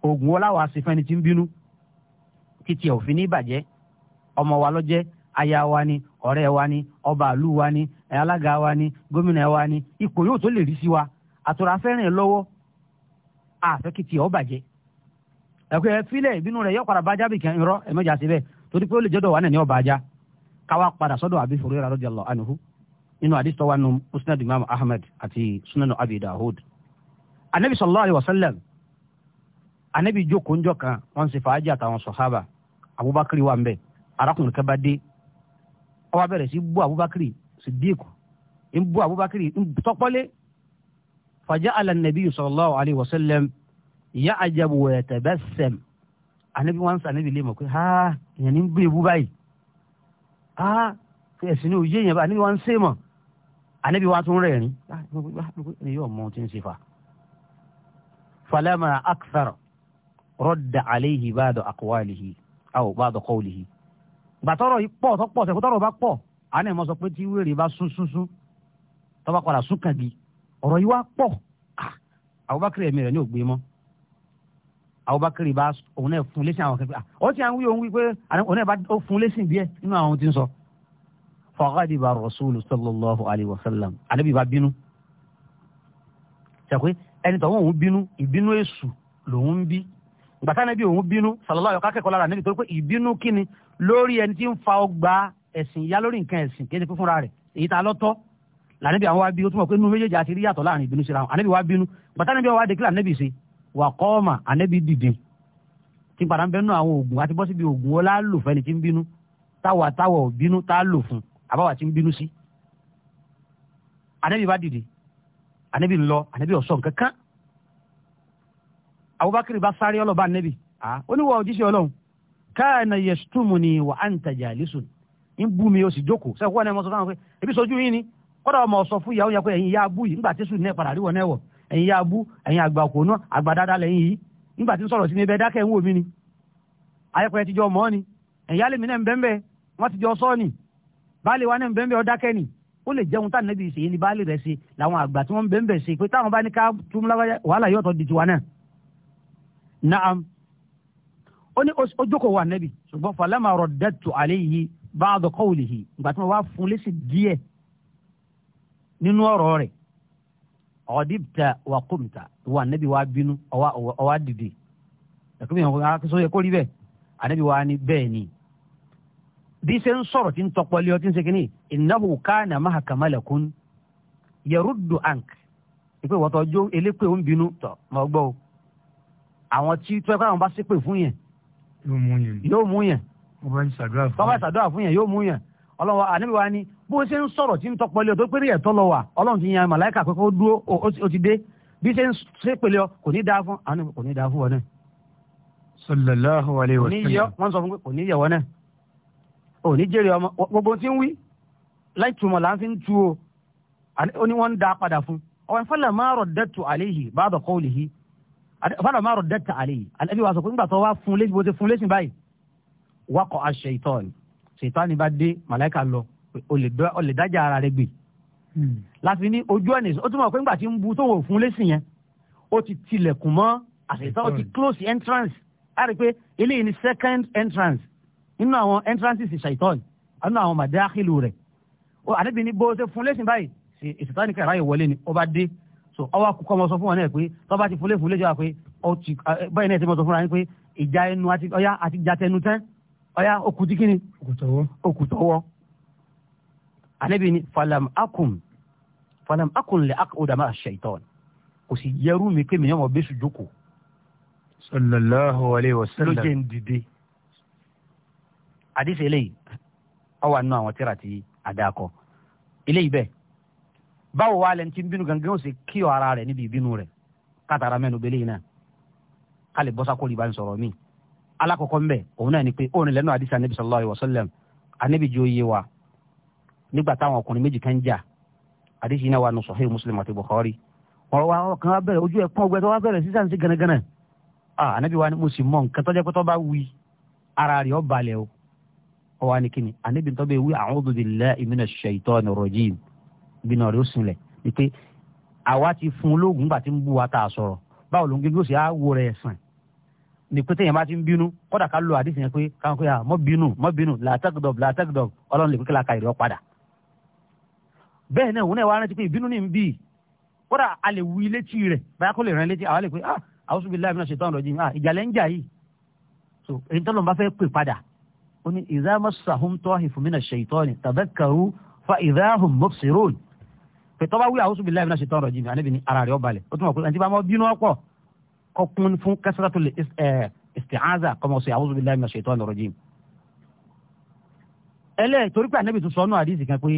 oògùn wọlá wàá sí fẹ́ni ń bínú títí òfin ní ìbàjẹ́ ọmọ wa lọ́jẹ́ aya wa ni ọ̀rẹ́ wa ni ọba àlú wa ni alága wa ni gómìnà wa ni ipò yóò tó lè rí sí wa àtúrà fẹ́ràn lọ́wọ́ àfẹ́kìtì ọ̀bàjẹ́ ẹ̀kọ́ ẹ̀ fílẹ̀ ìbínú rẹ̀ yọ̀kọ̀rọ̀ bá jábì ń rọ́ ẹ̀mẹ́jà síbẹ̀ torí pé ó lè jọ́dọ̀ wà náà ní ọba ajá káwá padà sọ́dọ̀ àbí fòrera radiyallahu anhu nínú àdìsọ́ wa nù musnad imam ahmed àti sunan abi dahud anabi sallallahu alayhi wa sallam anabi jókòó njọ kan wọn sì fàájì àtàwọn sọ̀hábà abubakar wà ń bẹ̀ arákùnrin kan bá dé ó wá bẹ̀rẹ̀ sí bú abubakar siddiq ń bú abubakar ń tọ́pọ́lé fàjà alànàbí sallallahu alayhi wa sallam ya'jabu wa yatabassam ànábi wọn sàn níbi ilé mọ̀ pé ha ah, èèyàn ní gbé ewu báyìí ha ah, ẹ̀sìn ní òye yẹn bá ànábi wọn sè mọ̀ ànábi wọn tún rẹ̀rin ẹni ah, yóò mọ tí ń ṣe fà. falama akthar rọ́dà àléhì báàdọ̀ àkọwálìhì àwọn báàdọ̀ kọ́wìlìhì. gbàtọ́rọ̀ yìí pọ̀ tọ́pọ̀ tẹ̀kọ́ tọ́rọ̀ bá pọ̀ àná ìmọ̀ sọ pé tí wèrè bá sún sún sún tọ́ba padà sún kàgì ọ̀rọ̀ yìí wá pọ̀ Abubakar ẹ̀mí rẹ̀ ní ògbé mọ́ abubakar bá òun náà fún lẹ́sìn àwọn kẹfẹ́ ọ ti à ń wí òun wí pé òun náà bá fún lẹ́sìn bíẹ́ nínú àwọn tí ń sọ. faqadiba rasulu sallallahu alayhi wa sallam anabi bá bínú ṣàpé ẹni tọ́wọ́ òun bínú ìbínú èṣù lòun ń bí gbàtà níbi òun bínú sallallahu alayhi wa kẹ́kọ̀ọ́ lára níbi tó pé ìbínú kíni lórí ẹni tí ń fa ọgbà ẹ̀sìn ìyá lórí nǹkan ẹ̀sìn kéde fúnra rẹ̀ èyí tá a lọ́tọ́ lànàbí àwọn wá bí ó túmọ̀ pé nínú méjèèjì àti rí yàtọ̀ láàrin wà kọ́ọ̀mà ànẹ́bí dìde tí padà ń bẹnu àwọn oògùn àti bọ́síbi oògùn ó láàlò fẹ́ni tí ń bínú táwa táwa ò bínú tá a lò fún àbáwá tí ń bínú sí. ànẹ́bí bá dìde ànẹ́bí ń lọ ànẹ́bí ọ̀sọ́ nǹkan kan Abubakar bá sáré ọlọ́ba ànẹ́bí ó ní wọ òjíṣẹ́ ọlọ́run káàna yẹsùtùmù ni wà á ń tajà àlísùn ń bú mi ó sì jókòó sẹ́kọ̀ọ́ náà mo sọ fún àwọn pé ebi sojú yín ni kọ́dọ̀ ọmọ ọ̀sọ́ fún ìyàwó yẹn pé ẹ̀yin ìyá abúyí ńgbà tẹ́sùn náà padà ríwọ̀ náà wọ̀ ẹ̀yin abú ẹ̀yin àgbà òkò náà àgbà dáadáa lẹ́yìn yìí nígbà tí ń sọ̀rọ̀ sí ni ẹbẹ̀ dákẹ́ ń wò mí ni ayẹ́pẹ́ ti mọ́ ni ẹ̀yin alẹ́ mi náà ń bẹ́ńbẹ́ wọ́n ti jọ sọ́ ni baálé wa náà ń bẹ́ńbẹ́ ọdákẹ́ ni ó lè jẹun tá nẹ́bí ṣe ni baálé rẹ̀ ṣe làwọn àgbà tí wọ́n ń bẹ́ńbẹ́ ṣe pé táwọn bá ní ká tún wàhálà yóò tọ́ di tiwa náà. naam ó ní wa nẹ́bí ṣùgbọ́n falama raddatu alayhi ba'd qawlihi ìgbà tí wọ́n wá fún lẹ́sìn díẹ̀ ọ̀dìbìtà wa kùmìtà wa nẹ́bí wa bínú ọwà dìde ẹ̀kúnmí ọ̀hún akẹ́sọ́ yẹ kó rí bẹ́ẹ̀ ànẹ́bí wà ní bẹ́ẹ̀ ni. bí ṣe ń sọ̀rọ̀ tí ń tọpọlẹ́ ọtí ń ṣe kínní ìnáwó káànà máa kàmálẹ̀kún yẹrùdù ànk ìpè wọ́tọ̀ ọjọ́ elépè ń bínú tọ̀ mọ́ gbọ́ o àwọn tí tó ẹ̀kọ́ àwọn bá ṣépè fún yẹn yóò mú yẹn bọ́bá ìṣàdúrà fún yẹn yóò mú yẹn ọlọ́wọ́ ànẹ́bí wà ní bó ṣe ń sọ̀rọ̀ tí ń tọpọlẹ́ tó péré ẹ̀tọ́ lọ wà ọlọ́run ti yan màláìka pé kó dúró ó ti dé bí ṣe ń ṣe pèlè ọ kò ní dáa fún àwọn kò ní dáa fún wọn náà. sallallahu alayhi wa sallam. wọ́n sọ fún pé kò ní yẹ wọn náà ò ní jèrè ọmọ gbogbo tí ń wí láì túmọ̀ là ń fi ń tu o ó ní wọ́n ń da padà fún ọ̀wọ́n fọlá máa rọ̀ dẹ́tù àléyìí bá dọ̀ kọ́ òlìhí fọlá máa rọ̀ dẹ́tù àléyìí alẹ́bí wa sọ pé nígbà tó wá fún lẹ́sìn bó ti fún lẹ́sìn báyìí wakọ̀ aṣẹ ìtọ́ ni ṣètọ́ ni bá dé màláìka lọ o lè dájà ara rẹ gbè hmm. láti ní ojú ẹni ó túmọ̀ pé ńgbà tí ń bu tó wò fún lẹ́sìn yẹn ó ti tilẹ̀kùn mọ́ àṣetán ó ti close entrance á rí i pé eléyìí ni second entrance nínú àwọn entrances ṣàìtọ́ọ̀nì nínú àwọn màdáàkìlù rẹ̀ àdébí ni bó ṣe fún lẹ́sìn báyìí ìṣètọ́ni kẹrẹ ráyè wọlé ni ó bá dé so ọwọ́ akókò ọmọ sọ fún wọn náà pé tọ́ bá ti fún lẹ́sìn lẹ́sìn wa pé báyìí náà ti mọ sọ fúnra yín pé ìjà ẹnu àti ọyá àti ìjà tẹnu tẹ́ ọyá okùn kíni okùn anabi ni falam akun falam akun le akuda ma shaitan kò sì yẹrù mi pé mi yàn wọ bẹ́sù jókòó. sallallahu alayhi wa sallam ló jẹ́ ń dìde. àdìsí eléyìí ọ wà nínú àwọn tíra ti àdàkọ eléyìí bẹ́ẹ̀ báwo wà lẹ́nu tí ń bínú gangan ó sì kí ọ ara rẹ̀ níbi ìbínú rẹ̀ kátàrà mẹ́nu bẹ́lẹ́ yìí náà kálí bọ́sákòlì bá ń sọ̀rọ̀ mí alákọ̀ọ́kọ́ ń òun náà ni pé òun lẹ́nu àdìsí anabi sallallahu alayhi wa sallam anabi jẹ́ òye wa nígbà táwọn ọkùnrin méjì kan jà àdéhùn iná wa nù Sahih Muslim àti Bukhari ọ̀rọ̀ wa ọ̀kan wa bẹ̀rẹ̀ ojú ẹ̀ pọ́n ọgbẹ́ tó wa bẹ̀rẹ̀ sísan sí gánagánà ànábi wa ni mo sì mọ nǹkan tọ́jẹ́ pé tó bá wí ara rẹ̀ ó balẹ̀ o ọwọ́ ni kíni ànábi tó bẹ́ẹ̀ wí a'udhu billahi minash shaitani rajim bínú ọ̀rẹ́ ó sinlẹ̀ ni pé àwa ti fún un lóògùn gbà tí ń bú wa tá sọ̀rọ̀ báwo ló ń sì á wo rẹ̀ sàn ní pété yẹn bá ti ń bínú kódà ká lo àdìsí yẹn pé káwọn pé à mọ́ bínú mọ́ bínú làtàgídọ̀b làtàgídọ̀b ọlọ́run lè pé kí la ka ìrẹ́ ọ padà bẹ́ẹ̀ náà òun náà wá rántí pé ìbínú ní bí kódà a lè wí létí rẹ̀ báyà kó lè rán létí àwa lè pé ah àwòsùn bíi láàmì náà ṣètò àwọn ọ̀dọ́jì ah ìjàlẹ̀ ń jà yìí so èyí tó lọ́n bá fẹ́ pè padà ó ní ìzámọ́sàhùn tọ́hìn fún mi náà ṣètò ni tàbẹ́kàrú fa ìzáhùn mọ́sirón pé tọ́ba wí àwòsùn bíi láàmì náà ṣètò ọ̀dọ́jì mi àníbi ni ara rẹ̀ ó balẹ̀ ó tún mọ̀ pé àti bá mọ́ bínú ọ̀pọ̀ kọ́ fún kẹsàtò lè isti'aza sí àwòsùn bíi láàmì náà ṣètò ọ̀dọ́jì mi. ẹlẹ́ torí pé àníbi tún sọ ọ́nà àdìsí kan pé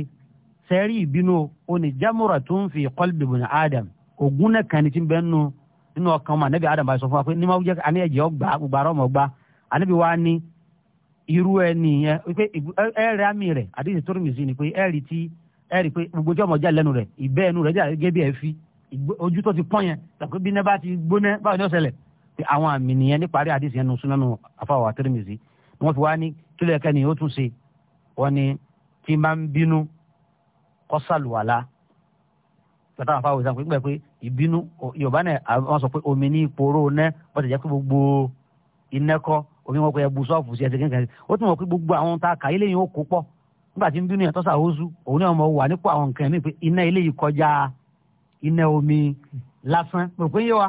sẹ́rí ìbínú o ní jámúra tó ń fi qalbi bùnà Adam ògún náà kàn ní ti bẹ́ẹ̀ nù nínú ọkàn ọmọ anabi Adam bá sọ fún wa pé ní máa jẹ́ àní ẹ̀jẹ̀ ọgbà gbogbo ara ọmọ ọgbà anabi wa ní irú ẹ nìyẹn pé ẹ rẹ àmì rẹ àdéhùn tó rìmì sí ni pé ẹ rí ti ẹ rí pé gbogbo tí ọmọ já lẹ́nu rẹ ìbẹ́ ẹnu rẹ gẹ́gẹ́ bí ẹ fi ojú tó ti pọ́n yẹn tàbí bí iná ti gbóná báwo ni ó ṣẹlẹ̀ pé àwọn àmì nìyẹn níparí àdéhùn yẹn nù súnánù àfàwọ̀ àtẹ́rẹ́mìsì ni wọ́n fi wá ní kílẹ̀ kẹ́ni ó tún ṣe wọ́n ní tí máa ń bínú kọ́sàlùwàlá pẹ̀tà àwọn afáwọ̀ ìsànkú gbẹ pé ìbínú yorùbá náà wọ́n sọ pé omi ní ìporó ná wọ́n ti jẹ́ pé gbogbo iná omi wọn kò yẹ bu sọ́ọ̀fù sí ẹsẹ̀ kékeré ó tún mọ̀ pé gbogbo àwọn tá a kà ilé yìí ó kó pọ̀ nígbà tí ń bínú yẹn tọ́sà oṣù òun náà mọ̀ wà nípò àwọn nǹkan míì pé iná ilé yìí kọjá iná omi lásán mo rò pé yé wa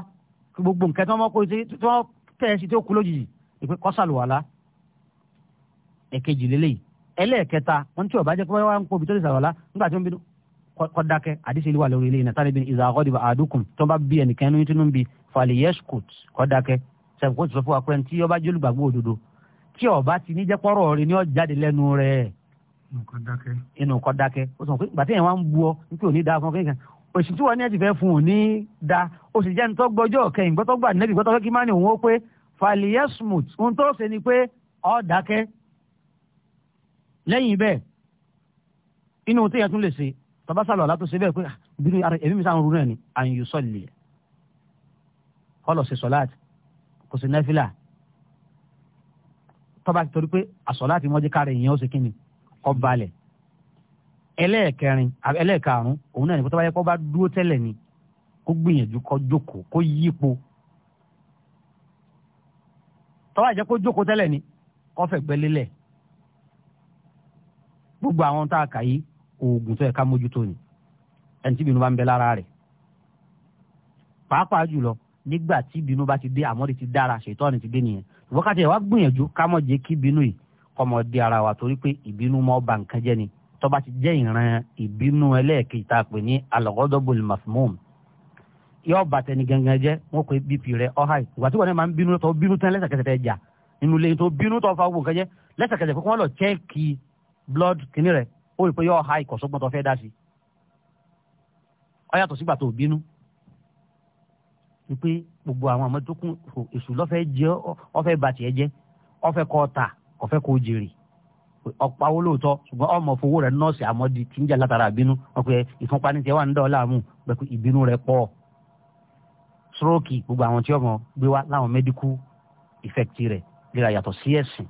gbogbo nǹkan tí wọ́n mọ̀ kó tí wọ́n tẹ̀ ẹ́ sí tí ó kú lójijì ìpè kọ́sàlùwàlá ẹ̀kejì lélẹ́yìí ẹlẹ́ẹ̀kẹta wọn tí ọba jẹ́ pé wọ́n ń pòbi tó lè sàwọ́lá nígbà tí wọ́n bínú kọ́dákẹ́ àdìsí ìlú wà lórí ilé iná tálẹ́bí ìzà àkọ́dìbà àdúkùn tó bá bí ẹnìkan inú tínú bí faliyeskut kọ́dákẹ́ sẹ́fùkú ti sọ fún wa pé tí ọba jólùgbàgbọ́ òdodo tí ọba ti ní jẹ́pọ́rọ̀ rẹ ní ọ̀jáde lẹ́nu rẹ̀ inú kọ́dákẹ́ ó sọ pé ìgbà yẹn wá ń bu ọ nítorí òní da fún kéèyàn òsì tí wọn ní ẹ ti fẹ́ fún òní da ó sì jẹ́ ní tọ́gbọ́jọ́ kẹyìn gbọ́tọ́gbà nẹ́bí gbọ́tọ́gbà kí má ní òun ó pé faliyesmut ohun tó ṣe ni pé ó dákẹ́ lẹ́yìn bẹ́ẹ̀ inú tí yẹn tún lè ṣe tọba sálọ ọ̀la tó ṣe bẹ́ẹ̀ pé ah, bírí ara ẹ̀mí mi sáwọn rúnà ni àyùn sọ̀lì kọlọ̀ ṣe sọ̀láàtì kò sí nẹ́fìlà tọba torí pé àsọ̀láàtì mọ́jú kárẹ̀ ìyẹn ó ṣe kíni kọ́ balẹ̀ ẹlẹ́ẹ̀kẹrin ẹlẹ́ẹ̀karùn òun náà ní kó tọ́ba yẹ kó bá dúró tẹ́lẹ̀ ni kó gbìyànjú kó jókòó kó yípo tọ́ba yẹ kó jókòó tẹ́lẹ̀ ni kó fẹ̀gbẹ́ lélẹ̀ gbogbo àwọn tá a kà yí oògùn tó yẹ ká mójútó ni ẹni tí ìbínú bá ń bẹ lára rẹ̀ pàápàá jùlọ nígbà tí ìbínú bá ti dé àmọ́rí ti dára ṣètọ́ni ti dé nìyẹn wákàtí ẹ̀ wá gbìyànjú ká mọ̀ jẹ́ kí ìbínú yìí kọ́mọ di ara wa torí pé ìbínú mọ́ ba nǹkan jẹ́ ni tó bá ti jẹ́ ìran ìbínú ẹlẹ́ẹ̀kejì tá a pè ní al-ghadabul mafhum yóò bá tẹni gangan jẹ́ wọ́n pe bp rẹ ọ̀háì ìgbà tí wọ́n máa ń bínú tó bínú tán lẹ́sẹ̀kẹsẹ̀ tẹ́ jà nínú lẹ́yìn tó bínú tó fa gbogbo jẹ́ lẹ́sẹ̀kẹsẹ̀ kó wọ́n lọ chẹ́ẹ̀kì blood kini rẹ̀ ó rí i pé yóò ha ìkọ̀sọ́gbọ́n tó fẹ́ dá sí i ó yàtọ̀ sígbà tó bínú wípé gbogbo àwọn àmọ́tókùn èṣù lọ́fẹ́ jẹ́ ọ̀fẹ́ bàtìẹ́ jẹ́ ọ̀fẹ́ kọ́ ta ọ̀fẹ́ kò jèrè ọ̀pá owó lóòótọ́ ṣùgbọ́n ọmọ fowó rẹ̀ nọ́ọ̀sì àmọ́dí tí ń jà látara àbínú wọn stroke gbogbo àwọn tí ọmọ gbé wá láwọn rẹ̀ yàtọ̀ sí ẹ̀sìn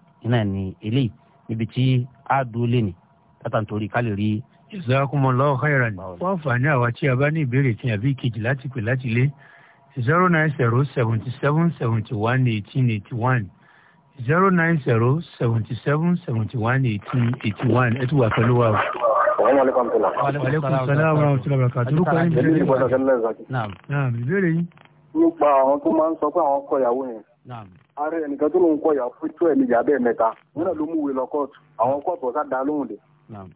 ní á dúró léni tátà nítorí ká lè rí. jazakumullahu khairan wọ́n fà ní àwa tí a bá ní ìbéèrè tí àbí ìkejì láti pè láti lé zero nine zero seventy seven seventy one eighteen eighty one zero nine zero seventy seven seventy one eighteen eighty one ẹ tún wà pẹ̀lú wa o aleykum salaam wa rahmatulah barakatu. orúkọ yín bẹ̀rẹ̀ yín bọ̀dọ̀ sẹ́lẹ̀ zaki. naam naam ìbéèrè yín. nípa àwọn tó máa ń sọ pé àwọn kọ ìyàwó yẹn ààrẹ ẹnìkan tó ló ń kọ ìyàwó fún tó ẹ̀mí ìyá bẹ́ẹ̀ mẹ́ta wọn náà ló mú ìwé lọ kóòtù àwọn kóòtù ọ̀sá dá lóhùn dé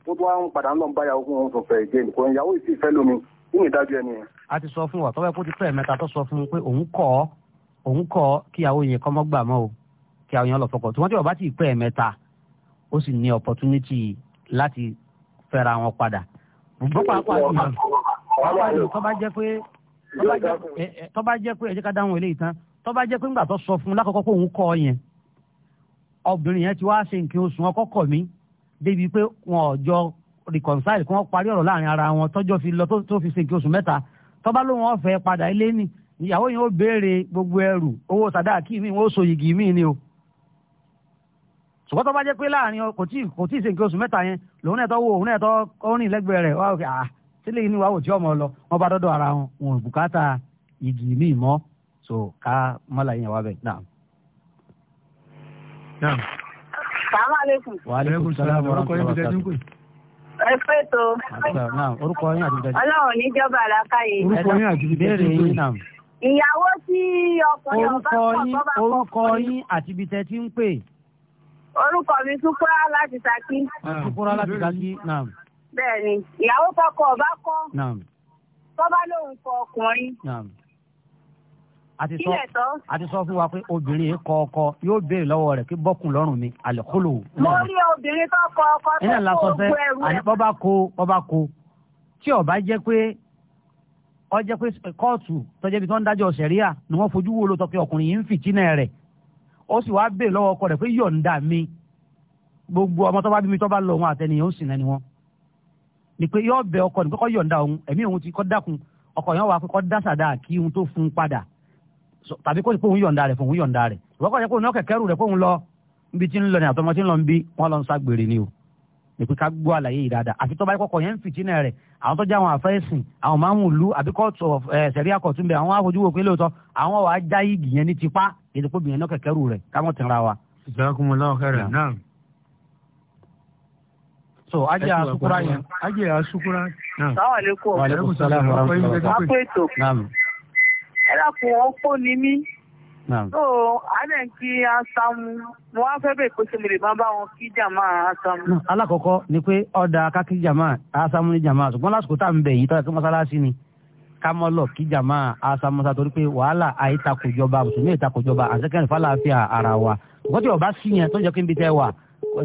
ó tó wá ń padà ń lọ bá ìyàwó fún òun tó fẹ́ ìgbé nìkan ìyàwó yìí fẹ́ lómi kí ni ìdájọ́ ẹni yẹn. a ti sọ fún wa tọ́wọ́ ẹ kó ti tó ẹ̀mẹ́ta tó sọ fún un pé òun kọ́ òun kọ́ kí ìyàwó yẹn kọ́ mọ́ gbà mọ́ o kí àwọn yẹn lọ fọkọ̀ tí wọ́n ti wọ́n bá ó sì ní opportunity láti fẹ́ra wọn padà. bọ́pàá pàṣẹ tó bá jẹ́ pé ẹ ká dáhùn eléyìí tán tó bá jẹ́ pé ńgbà tó sọ fún un lákọ̀ọ́kọ́ kóun kọ́ yẹn obìnrin yẹn ti wá ṣe nǹkan oṣù wọn kọ́kọ́ mi débi pé wọn ò jọ reconcile kí wọ́n parí ọ̀rọ̀ láàrin ara wọn tọ́jọ́ fi lọ tó fi ṣe nǹkan oṣù mẹ́ta tó bá lóun ọ̀fẹ́ padà ilé ni ìyàwó yẹn ó béèrè gbogbo ẹrù owó sàdáàkì mi wọn ó so yìgì mi ni o ṣùgbọ́n tó bá jẹ́ pé láàrin kò tí kò tí ṣe nǹkan oṣù mẹ́ta yẹn lòun náà tó wo òun náà tó rìn lẹ́gbẹ̀ẹ́ rẹ̀ wá òkè à sílẹ̀ yìí ni wàá wò tí ọmọ lọ wọn bá dọ́dọ̀ ara wọn wọn ò bùkátà yìgì mi mọ́ so ká mọ́là yẹn wá bẹ̀ náà. sàmàlẹ́kùn. wàhálẹ́kùn sàlámù orúkọ yín bìtẹ́ dínkù. ẹ fẹ́ tó. orúkọ yín àti bìtẹ́ dínkù. ọlọ́run níjọba àlàkàyè. orúkọ yín àti bìtẹ́ dínkù. ìyàwó tí ọkùnrin ọba kọ́ orúkọ yín àti bìtẹ́ tí ń pè. orúkọ mi Sùkúrà láti Ṣakí. Sùkúrà láti Ṣakí náà. bẹ́ẹ̀ni ìyàwó tọkọ ọba kọ. tọ́ba lóhùn kọ ọkùnrin àti sọ àti sọ fún wa pé obìnrin yìí kọ ọkọ yóò béèrè lọ́wọ́ rẹ̀ kí bọ́kùn lọ́rùn mi àlẹ́kólò. mo rí obìnrin tó kọ ọkọ tó kó ogun ẹrù rẹ̀. bọ́bá ko bọ́bá ko tí ó bá jẹ́ pé ó jẹ́ pé kóòtù tó jẹ́ bí tó ń dájọ́ sẹ̀ríà ni wọ́n fojú wo ló tọ́ pé ọkùnrin yìí ń fìtínà rẹ̀ ó sì wáá béèrè lọ́wọ́ ọkọ rẹ̀ pé yọ̀ǹda mi gbogbo ọmọ tó bá bí mi tó bá lọ òun àtẹnìyàn ó sì náà ni wọ́n ni pé yọ̀ọ́ bẹ ọkọ ní pé kó yọ̀ǹda òun ẹ̀mí òun ti kó dákun ọkọ yẹn wà pé kó dásàdá kí òun tó fún un padà tàbí kó sì pé òun yọ̀ǹda rẹ̀ fún òun yọ̀ǹda rẹ̀ ìwọ́kọ̀ yẹ kó ní ọkẹ̀ kẹrù rẹ̀ fóun lọ níbi tí ń lọ ní àtọmọ tí ń lọ ń bí wọn lọ ń ságbèrè ni o èpè ká gbọ́ àlàyé yìí dáadáa àfi tọ́ba ìkọ̀kọ̀ yẹn ń fìtínà rẹ̀ àwọn tọ́jú àwọn àfẹ́sìn àwọn máa lù àbí kóòtù ṣẹ̀rí àkọ́túnbẹ̀ àwọn afojúwò pé lóòótọ́ àwọn wàá já igi yẹn ní tipa èdè náà kẹ̀kẹ́ rẹ̀ káwọn tẹ̀ ra wa. ìsàkùnmọ̀láwọ̀ kẹrẹ̀ náà. so ajé asukura yẹn. ajé asukura. sáwọn ẹlẹ́kùn wọn kó mí. so alẹ́ kí asamu mo wá fẹ́ bẹ̀ pé ṣe mo lè máa bá wọn kí jàmá asamu. alákọ̀ọ́kọ́ ni pé ọ̀dà kákí jàmá asamu ní jàmá ṣùgbọ́n lásìkò tá à ń bẹ̀ yìí tọ́jú mọ́sálásí ni kámọ́lọ̀ kí jàmá asamu sa torí pé wàhálà àìtakòjọba mùsùlùmí ìtakòjọba àṣekẹ́rin fàlàáfíà ara wa ṣùgbọ́n tí ọba sí yẹn tó jẹ́ kí n bí tẹ́ wà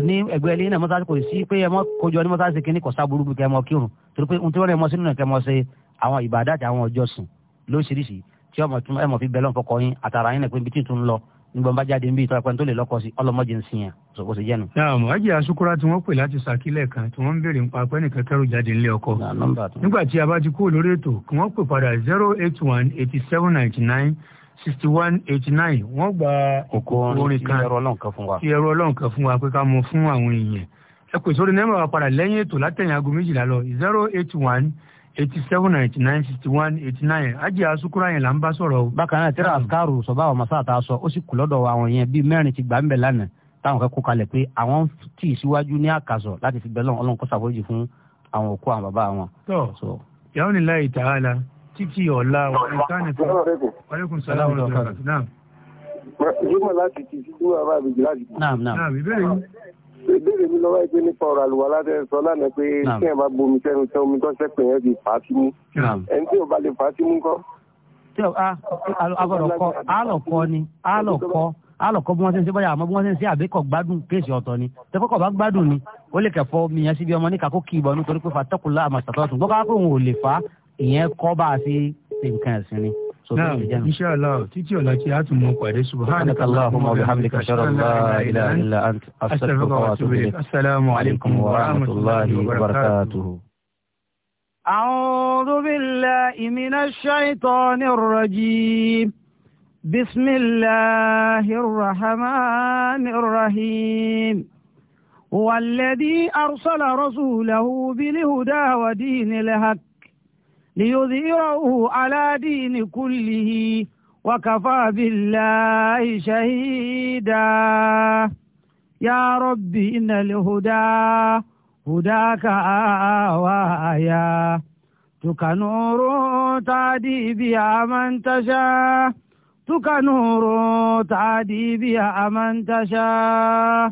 ní ẹgbẹ́ ilé náà mọ́sáàsì kò sí pé ẹ mọ́ kójọ ní mọ́sáàsì kìíní kọ̀sá burúkú kẹ́ mọ́ kírun torí pé ohun tí wọ́n rẹ̀ mọ́ sínú náà kẹ́ mọ́ ṣe àwọn ìbàdàtì àwọn ọjọ́sìn lóṣìṣìí tí ọmọ tún ẹmọ fi bẹ lọ́n fọkọ yín àtàrà yín nàpẹ́ bìtì tún lọ nígbà bá jáde níbi ìtọ́ra pẹ́ tó lè lọ́kọ sí ọlọ́mọdé ń sìn yàn ṣòwò sí jẹ́nu. naam ajé asukura tí wọ́n pè láti sàkílẹ̀ kan tí wọ́n ń béèrè nípa pẹ́ nìkan kẹ́rù jáde nílé ọkọ. nígbà tí a bá ti kúrò lórí ètò kí wọ́n pè padà zero eight one eighty seven ninety nine sixty one eighty nine wọ́n gba orin kan ti ẹ̀rọ ọlọ́run kan fún wa pé ká mọ fún àwọn èèyàn ẹ pèsè orin náà wà padà lẹ́yìn ètò látẹ̀yìn aago méjìlá lọ zero eight one eighty seven ninety nine sixty one eighty nine ajé asukura yẹn là ń bá sọ̀rọ̀ o. bákan náà tẹ́lẹ̀ àfikàrò sọ̀bá àwọn masa àtà sọ ó sì kù lọ́dọ̀ àwọn yẹn bíi mẹ́rin ti gbà ń bẹ̀ lánàá táwọn kẹ́kọ̀ọ́ kalẹ̀ pé àwọn tì í síwájú ní àkàsọ̀ láti fi bẹ́lọ̀ ọlọ́run kó ṣàforíjì fún àwọn òkú àwọn bàbá wọn. tọ́ yàrá ni láì tà á títí ọ̀la wàlúùkánì ìbéèrè mi lọ́wọ́ ìpè nípa ọ̀rọ̀ àlùwàlá tẹ́ sọ lánàá pé tí ẹ̀ bá bomi sẹ́nu tẹ́ omi tó sẹ́pẹ̀ yẹn di fàátìmù ẹni tí ò bá lè fàátìmù kọ́. tí o agbọ́dọ̀ kọ alọkọ ni alọkọ alọkọ bí wọ́n ṣe ń ṣe báyà àmọ́ bí wọ́n ṣe ń ṣe àbíkọ gbádùn kéèsì ọ̀tọ̀ ni tẹkọkọ bá gbádùn ni ó lè kẹfọ mìíràn síbi ọmọ níkà kó kì í nítorí pé fatakùlá àmàṣàtọ̀ tún gbọ́ká pé òun ò lè fa ìyẹn kọ́ bá a ṣe ṣe nǹkan ẹ̀sìn ni. نعم إن شاء الله تيجي ولا سبحانك اللهم وبحمدك أشهد أن لا إله إلا أنت أستغفرك وأتوب إليك السلام عليكم ورحمة الله وبركاته أعوذ بالله من الشيطان الرجيم بسم الله الرحمن الرحيم هو الذي أرسل رسوله بالهدى ودين الحق ليظهره على دين كله وكفى بالله شهيدا يا رب إن الهدى هداك آوايا تك نور تعدي بها من تشاء تك نور تعدي بها من تشاء